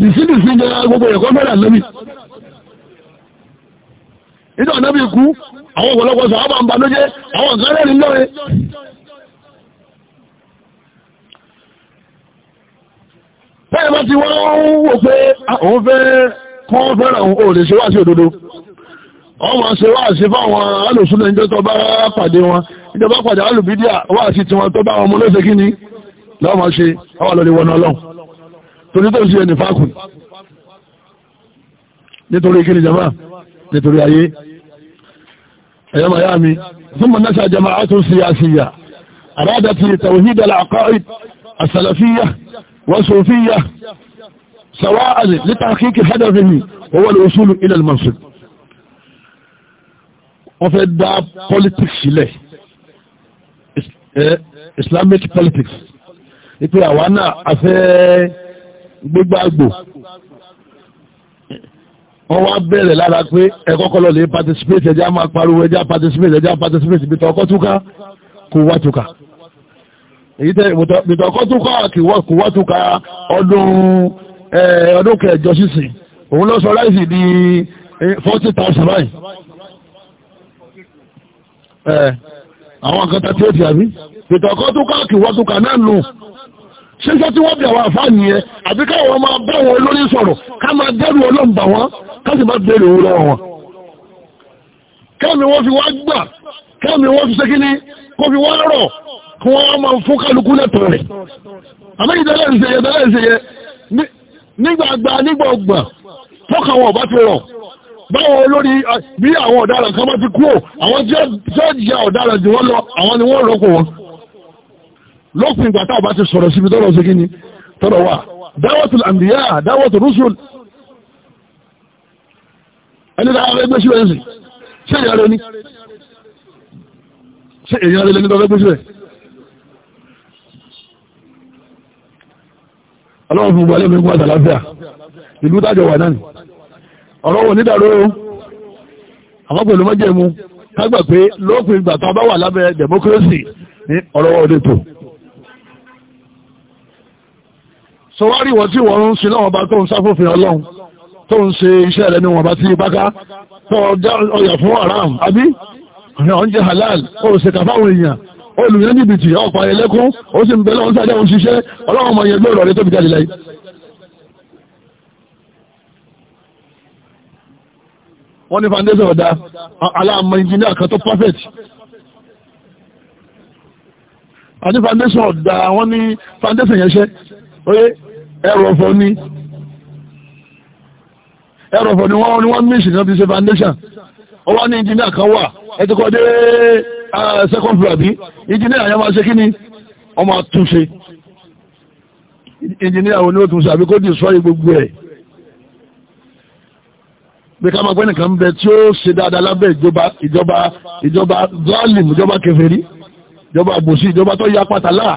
dìsídìsí ní gbogbo ẹ̀kọ́ mẹ́rẹ̀ ànábì ìjọ ànábì kú àwọn ọ̀pọ̀lọpọ̀ sọ àwọn àǹbà lójẹ́ àwọn ọ̀sẹ́rẹ́ ní lọ́rẹ́ bẹ́ẹ̀ bá ti wọ́n wò pé àwọn fẹ́ kọ́ fẹ́ràn òun ò lè ṣe wáṣí òdodo ọmọ ṣe wáṣí fáwọn alòsúnà ìjọ tó bá pàdé wọn ìjọba pàdé alòbídíà wáṣí tiwọn tó bá wọn mú lóṣèkí ni lọ́mọ ṣe àwọn lórí wọn ọlọ́run torí tó ṣe ẹni fákùn nítorí kí ni jama nítorí ayé ẹ̀yọ́ yá mi ثم نشأ جماعات سياسية أرادت توحيد العقائد السلفية والصوفية سواء لتحقيق هدفه وهو الوصول إلى المنصب وفي الدعاء politics له eh, Islamic politics ìpé àwọn náà afẹ́ gbogbo àgbò wọ́n wá bẹ̀rẹ̀ lára pé ẹ̀kọ́kọ́ lọ lè participate ẹjá máa pariwo ẹjá participate ẹjá participate bí tọkọ́ túká kò wá túká èyí tẹ́ bí tọkọ́ túká kò wá túká ọdún kẹjọ sísìn òun lọ sọ ráìsì di forty thousand báyìí àwọn kan tá tí ó ti àbí bí tọkọ́ túká kò wá túká náà nù ṣíṣọ́ tí wọ́n bí àwọn àfáàní ẹ àbí káwọn máa bá wọn olórí sọ̀rọ̀ ká máa dẹ́rù ọlọ́mbà wọn ká sì máa bẹ̀rẹ̀ òun lọ́wọ́ wọn kẹ́mi wọ́n fi wá gbà kẹ́mi wọ́n fi ṣe kíní kó fi wá rọ̀ kí wọ́n máa fún kálukú lẹ́tọ̀ rẹ̀ àmẹ́yìn tẹ́lẹ̀ ń ṣe yẹ tẹ́lẹ̀ ń ṣe yẹ nígbàgbà nígbàgbà fọ́kà wọn ọ̀bá ti rọ̀ báwọn olórí bí àwọn ọ̀daràn kan bá ti kú àwọn jẹ́ jẹ́ ọ̀daràn jù wọ́n lọ àwọn ni wọ́n rọ́pò wọn lókùn ìgbà táà bá ti sọ̀rọ̀ síbi tọ́rọ̀ sí kíni tọ́rọ̀ wà dáwọ́tù àmìyà dáwọ́tù rúṣùl ẹni dáa rẹ̀ gbé síbẹ̀ ẹ̀sìn ṣe èyàn rẹ̀ ní ṣe èyàn rẹ̀ lẹ́ni tọ́rọ̀ gbé síbẹ̀ ọlọ́run fún gbọ́lẹ́ mi ń gbọ́ta láfíà ìlú tájọ wà náà ọ̀rọ̀ wọ̀ nídàró àwọn pẹ̀lú mọ́jẹ̀mú kágbà pé lókùn ìgbà tó bá wà lábẹ́ democracy ní ọ̀rọ̀ wọ́n dé tó sọ wá rí wọ́n tí wọ́n ń ṣe láwọn ọba tó ń sáfòfin ọlọ́run tó ń ṣe iṣẹ́ rẹ̀ ní wọ́n bá ti báká tó ọjà fún haram àbí oúnjẹ halal ó ṣe kàfáwọn èèyàn olùyẹn jìbìtì ọ̀pá ẹlẹ́kún ó sì ń bẹ lọ́wọ́n sáré òun ṣiṣẹ́ ọlọ́run ọmọ yẹn gbọ́rọ̀ rẹ̀ tó fi jáde láyé wọ́n ní foundation ọ̀dá aláàmọ̀ engineer kan tó perfect àti foundation ọ̀dá wọ́n ní foundation yẹn ṣẹ́ ẹrọ̀fọ̀ ni ẹrọ̀fọ̀ ni wọ́n ni wọ́n mìíṣì náà fi ṣe foundation ó wá ní engineer kan wà ẹtùkọ́ dé second floor bí engineer yẹn máa ṣe kí ni ọmọ àtúnṣe engineer wo ni ó túnṣe àbí kó dì sọ́yí gbogbo ẹ̀ bí ká máa pẹ́ nìkan bẹ tí ó ṣe dáadáa lábẹ́ ìjọba ìjọba ìjọba zalim ìjọba kèfèrí ìjọba àbòsí ìjọba tó yá pátá láà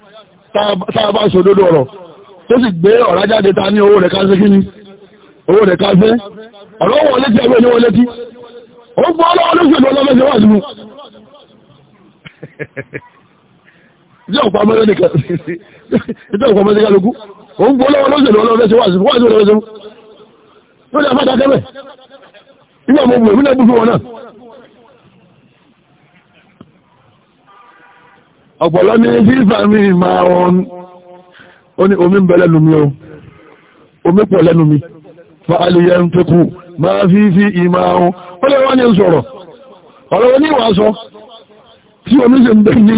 sábà sọ òdodo ọ̀rọ̀ tó sì gbé ọ̀rá jáde ta ní owó rẹ̀ káṣẹ́ kí ni owó rẹ̀ káṣẹ́ ọ̀rọ̀ wọn létí ẹgbẹ́ ní wọn létí ó gbọ́ ọlọ́wọ́ wà nínú ọ̀pá mẹ́rẹ́ ọ̀pọ̀lọ́ ní fífà mi máa wọn ó ní omi ń bẹ lẹ́nu mi o omi pọ̀ lẹ́nu mi fa aliyẹ ń fẹ́kù máa fi fi ìmá wọn ó lè wọ́n ní sọ̀rọ̀ ọ̀rọ̀ ní ìwà sọ tí omi sì ń bẹ ní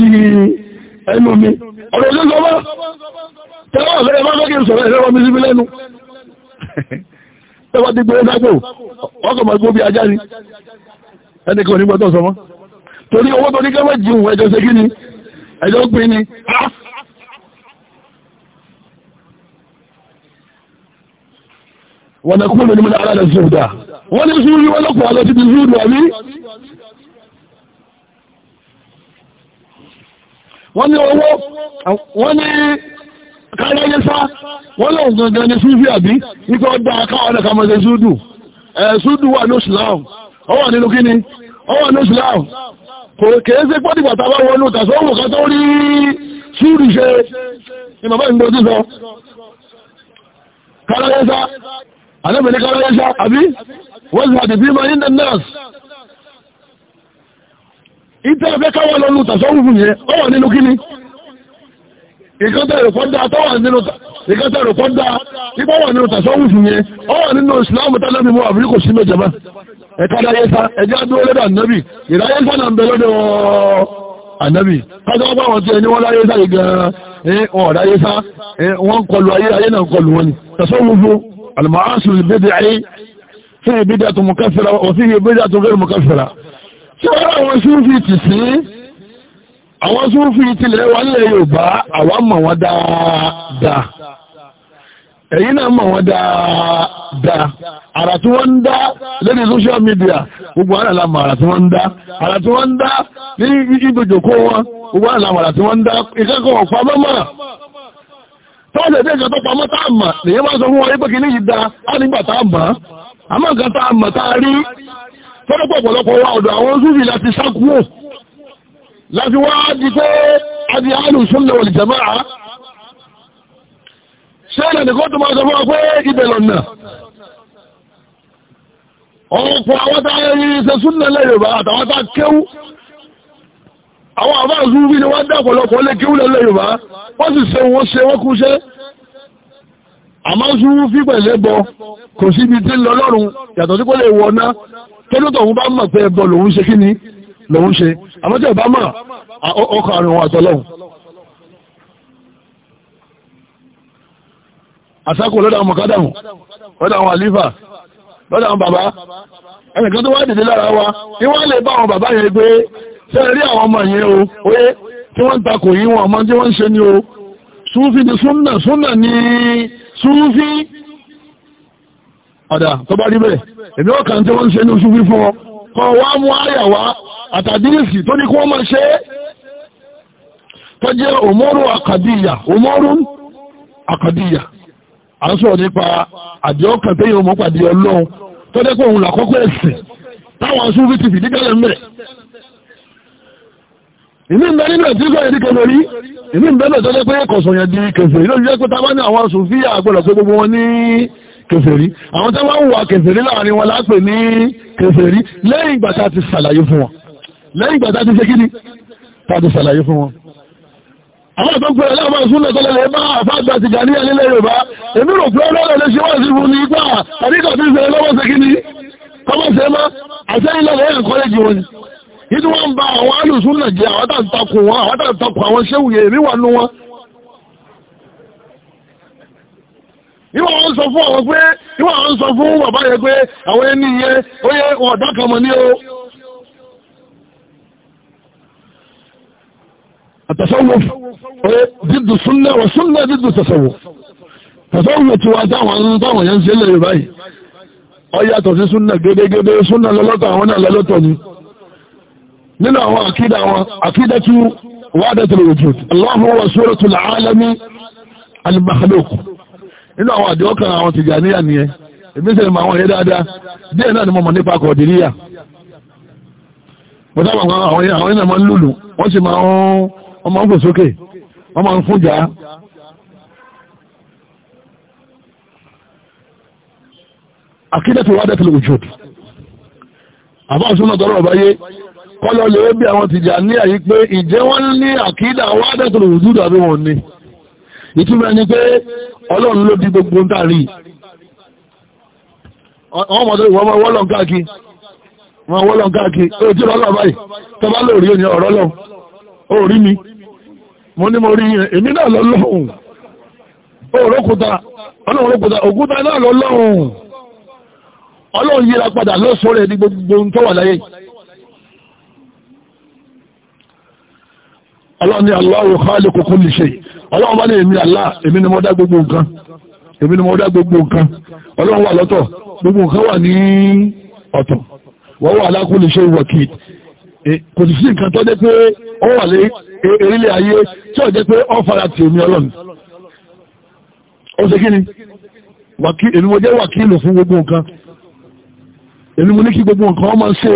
ẹnu mi ọ̀rọ̀ sí sọ bá tẹ́wọ́ ọ̀fẹ́ bá fẹ́ kí n sọ̀rọ̀ ẹ̀rọ mi sí mi lẹ́nu tẹ́wọ́ ti gbé dágbò ọkọ̀ máa gbó bí ajá ni ẹnì kan ò ní gbọ́tọ̀ sọmọ́ torí owó tó ní kẹ́mọ́ jìun ẹjọ́ ṣe kí ẹjọ́ gbin ni wọ́n kú lónìí mọ́lá aláàdà zúúdà wọ́n ní zúúrí wọ́n lọ́pọ̀ alẹ́ ti di zúúdù àmì wọ́n ní owó wọ́n ní káyẹ́yẹ́ sá wọ́n lọ gangan ní zúúrí àbí nípa ọdá káwọn ẹ̀ka mọ́ zúúdù ẹ̀ zúúdù wà ní Islam ó wà nínú kíni ó wà ní Islam kò kèése pọ́dìgbà tàbá wọnú tàṣọ́wò ká tó rí ṣúrì ṣe ni bàbá ìgbò tí sọ kárayẹ́sá alẹ́bìnrin kárayẹ́sá àbí wọ́n sì àti bímọ ní nẹ́ẹ̀sì ìtẹ́ẹ̀fẹ́ káwọn lọ́nu tàṣọ́wò fún yẹn ó wà nínú kíní ìkọ́tẹ̀rù kọ́dá tọ́wà nínú ìkọ́tẹ̀rù kọ́dá ìbọ́wà nínú tàṣọ́wù sí yẹn ọ wà nínú ìsìláàmù tánàbí mọ́ àfíríkò sí mẹ́jọba ẹ̀kọ́dá yẹta ẹjá dúró lẹ́dà nábì ìráyẹ́sà náà bẹ̀rẹ̀ lọ́dọ̀ ànábì kájọ́ bá wọn tí ẹni wọ́n láyẹ́sà yìí gan-an wọn ráyẹ́sà wọ́n kọlu ayé ayé náà kọlu wọn ni tàṣọ́wù fún alìmọ̀ásù ìbẹ́dẹ̀ ayé fún ìbẹ́dẹ̀ àtùmùkẹ́fẹ́ra àwọn Súfì tilẹ̀ wà nílẹ̀ Yorùbá àwa mọ̀ wọ́n dáadáa ẹ̀yin náà mọ̀ wọ́n dáadáa àrà tí wọ́n ń dá lẹ́nu social media gbogbo àwọn àlàmọ̀ àrà tí wọ́n ń dá àrà tí wọ́n ń dá ní ibùjòkó wọn gbogbo àwọn àlàmọ̀ àrà tí wọ́n ń dá ìkẹ́kọ̀ọ́ pamọ́ mọ́ tọ́ọ̀dẹ̀ bí ẹ̀kan tó pamọ́ tá a mọ̀ nìyẹn máa sọ fún wọn pé kìíní yìí da á nígbà tá a mọ̀ àmọ́ nǹkan tá a mọ̀ tá a rí tọ́lọ́pọ̀ ọ̀pọ̀lọpọ̀ wa ọ̀dọ̀ àwọn Súfì láti sákúrò láti wá di pé àti alùsùn lọ ìjẹ̀mọ́ à ṣe ẹ̀nà nìkan tó máa sọ fún ọ pé ibẹ̀ lọ́nà ọ̀pọ̀ àwọn tá ẹ̀rí ṣe súnnà lẹ́ Yorùbá àtàwọn tá kéwú àwọn àbá ìzúrí ni wọ́n dápọ̀lọpọ̀ lé kéwú lẹ́ Yorùbá wọ́n sì ṣe wọ́n ṣe wọ́n kúṣẹ́ kí lòun ṣe àmọ́jọ́ ìbámà ọkọ̀ àrùn wọn àtọ́lọ́hùn àsákò lọ́dọ̀ àwọn mọ̀kádàmù lọ́dọ̀ àwọn àlífà lọ́dọ̀ àwọn bàbá ẹnìkan tó wá dìde lára wa ní wọ́n lè bá àwọn bàbá yẹn gbé sẹ́rí àwọn ọmọ yẹn o oyé tí wọ́n ń takò yí wọn ọmọ tí wọ́n ń ṣe ni o súnfí ni súnnà súnnà ni súnfí ọ̀dà tó bá rí bẹ́ẹ̀ èmi ọkàn tí wọ́n ń ṣe ní oṣù fífọ́ kọ̀ wá mú àyà wá àtàdírísì tó ní kí wọ́n máa ṣe é tó jẹ́ òmọ́rù àkàdíyà òmọ́rù àkàdíyà à ń sọ̀rọ̀ nípa àdìọ́kàn tẹ́yìn ọmọ pàdé ọlọ́run tó jẹ́ pé òun làkọ́kọ́ ẹ̀sìn táwọn súnfì ti fìdí gẹ́lẹ̀ mẹ́rẹ̀ ìní ìbẹ́ nínú ẹ̀tí sọ ìdí kẹfẹ̀rí ìní ìbẹ́ náà tó jẹ́ pé kọ̀sọ̀ yẹn di kẹfẹ̀rí ló jẹ́ pé tá àwọn sùfí wà kẹfẹ̀rí láàrin wọn lápè ní kẹfẹ̀rí lẹ́yìn ìgbà ti ṣàlàyé fún wọn lẹ́yìn ìgbà tàbí ṣe kíni tàbí ṣàlàyé fún wọn àwọn ìtọ́ pẹ̀lú ẹlẹ́wọ̀n máa súnlẹ̀ tọ́lẹ̀ lè bá àfáàgbà ti gàní ẹlẹ́lẹ́ Yorùbá èmi rò pé ọlọ́rẹ̀ lè ṣe wọ́n sí fún ní ipa ah, àríkà tí ìṣẹ̀lẹ̀ lọ́wọ́ ṣe kí ni kọ́mọ̀ ṣe mọ́ àṣẹ́yìn lọ́lẹ̀ ẹ̀yàn kọ́lẹ́jì wọn ni ìdí wọ́n ń ba àtàṣọ́wò dídù súnnà wà súnnà dídù tàṣọ́wò tàṣọ́wò tí wà táwọn táwọn yẹn ń ṣe lẹ́yìn báyìí ó yàtọ̀ sí súnnà gẹ́gẹ́gẹ́ súnnà lọ́lọ́tọ̀ àwọn náà lọ́lọ́tọ̀ ni nínú àwọn àkídà àwọn àkídà tí wahdatul wujud Allahu wa suratul alami al-makhluq nínú àwọn àdìọ́kàn àwọn tìjàníyà nìyẹn ìgbésẹ̀ ìmọ̀ àwọn yẹn dáadáa díẹ̀ náà ni mo mọ̀ nípa kọ̀ọ̀dìríyà bọ́tá àwọn yẹn náà máa ń lùlù wọ́n sì máa ń ọmọ ń fò sókè ọmọ ń fún jà akídẹ́tù wádẹ́ tó lè wùjọ́ àbá ìṣúná tọrọ ọba yé kọ́lọ̀ lè bí àwọn tìjà ní àyí pé ìjẹ́ wọ́n ní àkídà wádẹ́ tó lè wùjọ́ àbí ni ìtumọ̀ ni pé ọlọ́run ló gbogbo ń tàrí wọ́n mọ̀ tó mọ̀ wọ́lọ̀ mo ní mo rí yẹn èmi náà lọ lọ́hùn òrókúta ọlọ́run òrókúta òkúta náà lọ lọ́hùn ọlọ́run yíra padà lọ́sọ̀ọ́ rẹ̀ ní gbogbo tó wà láyé ọlọ́run ni aláwọ̀ khaliqu kulli shay ọlọ́run bá ní èmi àlá èmi ni mo dá gbogbo nǹkan èmi ni mo dá gbogbo nǹkan ọlọ́run wà gbogbo nǹkan wà ní ọ̀tọ̀ wọ́n wà ala kulli shay E, kò sì sí nǹkan tó jẹ́ pé ó wà lé e, erílẹ̀ ayé tí ó jẹ́ pé ó fara tì mí ọlọ́run ó ṣe kí ni èmi mo jẹ́ wàkílù fún gbogbo nǹkan èmi mo ní kí gbogbo nǹkan ọmọ ṣe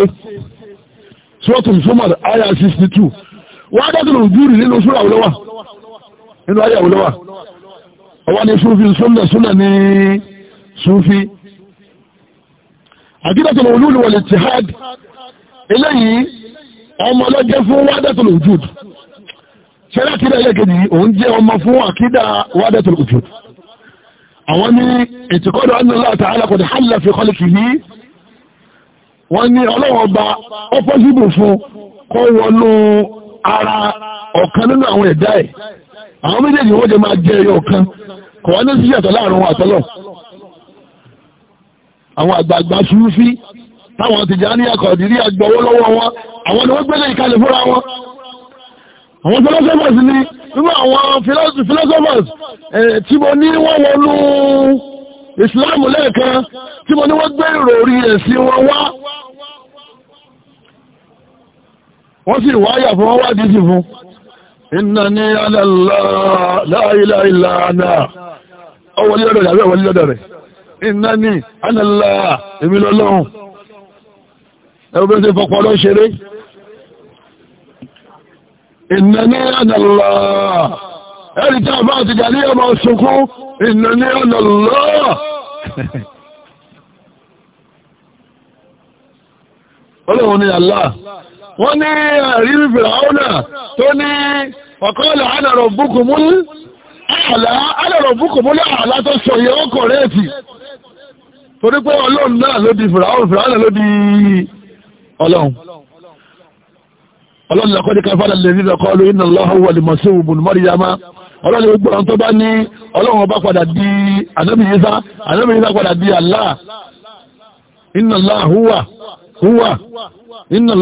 sọ́tún sọ́mọ̀dá àyà 62 wọ́n á dákìlò ìjúrì nínú súnà òlọ́wà nínú àyà òlọ́wà ọwá ní súnfí súnà súnà ní súnfí àgídàtọ̀lọ̀ olúwọ̀lẹ̀ tihad eléyìí ọmọ ọlọ́jẹ́ fún wádẹ́tùlù ojúd ṣẹlá kí lẹ́lẹ́ kejì òun jẹ́ ọmọ fún àkídà wádẹ́tùlù ojúd àwọn ní ìtìkọ́dọ̀ Allah ara ọkan nínú àwọn ẹ̀dá láàrin àtọ́lọ̀ táwọn Tìjàníyà Kọ̀dìríyà gbọ́wọ́ lọ́wọ́ wọn àwọn ni wọ́n gbélé ìkalẹ̀ fúnra wọn àwọn philosophers ni nínú àwọn philosophers tí mo ní wọ́n wọnú Islam lẹ́ẹ̀kan tí mo ní wọ́n gbé ìròrí ẹ̀sìn wọn wá wọ́n sì wáyà fún wọ́n wá dìísì fún iná ní aláìláìlá náà ọwọ́lé ọ̀dọ̀ rẹ̀ àbẹ́ ọwọ́lé ọ̀dọ̀ rẹ̀ iná ní aláìláìlá èmi lọ́lọ́run ẹ̀rọ bí ó ti fọpọ̀ lọ ṣeré ìnáni àdàlọ́ ẹ̀rì tí a bá ti gàlí ọmọ ṣokún ìnáni àdàlọ́ ọlọ́run ni àlá wọ́n ní àrírí fìràúnà tó ní ọ̀kọ́lẹ̀ àdàrọ̀ búkùmúlù àlá àdàrọ̀ búkùmúlù àlá tó sọ yẹ ọkọ̀ rẹ̀ tì torí ọlọ́run náà ló di fìràúnà ló di ọlọ́run ọlọ́run lọ́kọ́ ní káfàdà lè rí lọ́kọ́ lórí iná lọ́wọ́ lè mọ̀ sí òbùn mọ́ríyàmá ọlọ́run gbogbo ọ̀n tó bá ní ọlọ́run ọba padà di ànábì Ìsá ànábì Ìsá padà di Allah iná láhúwà húwà iná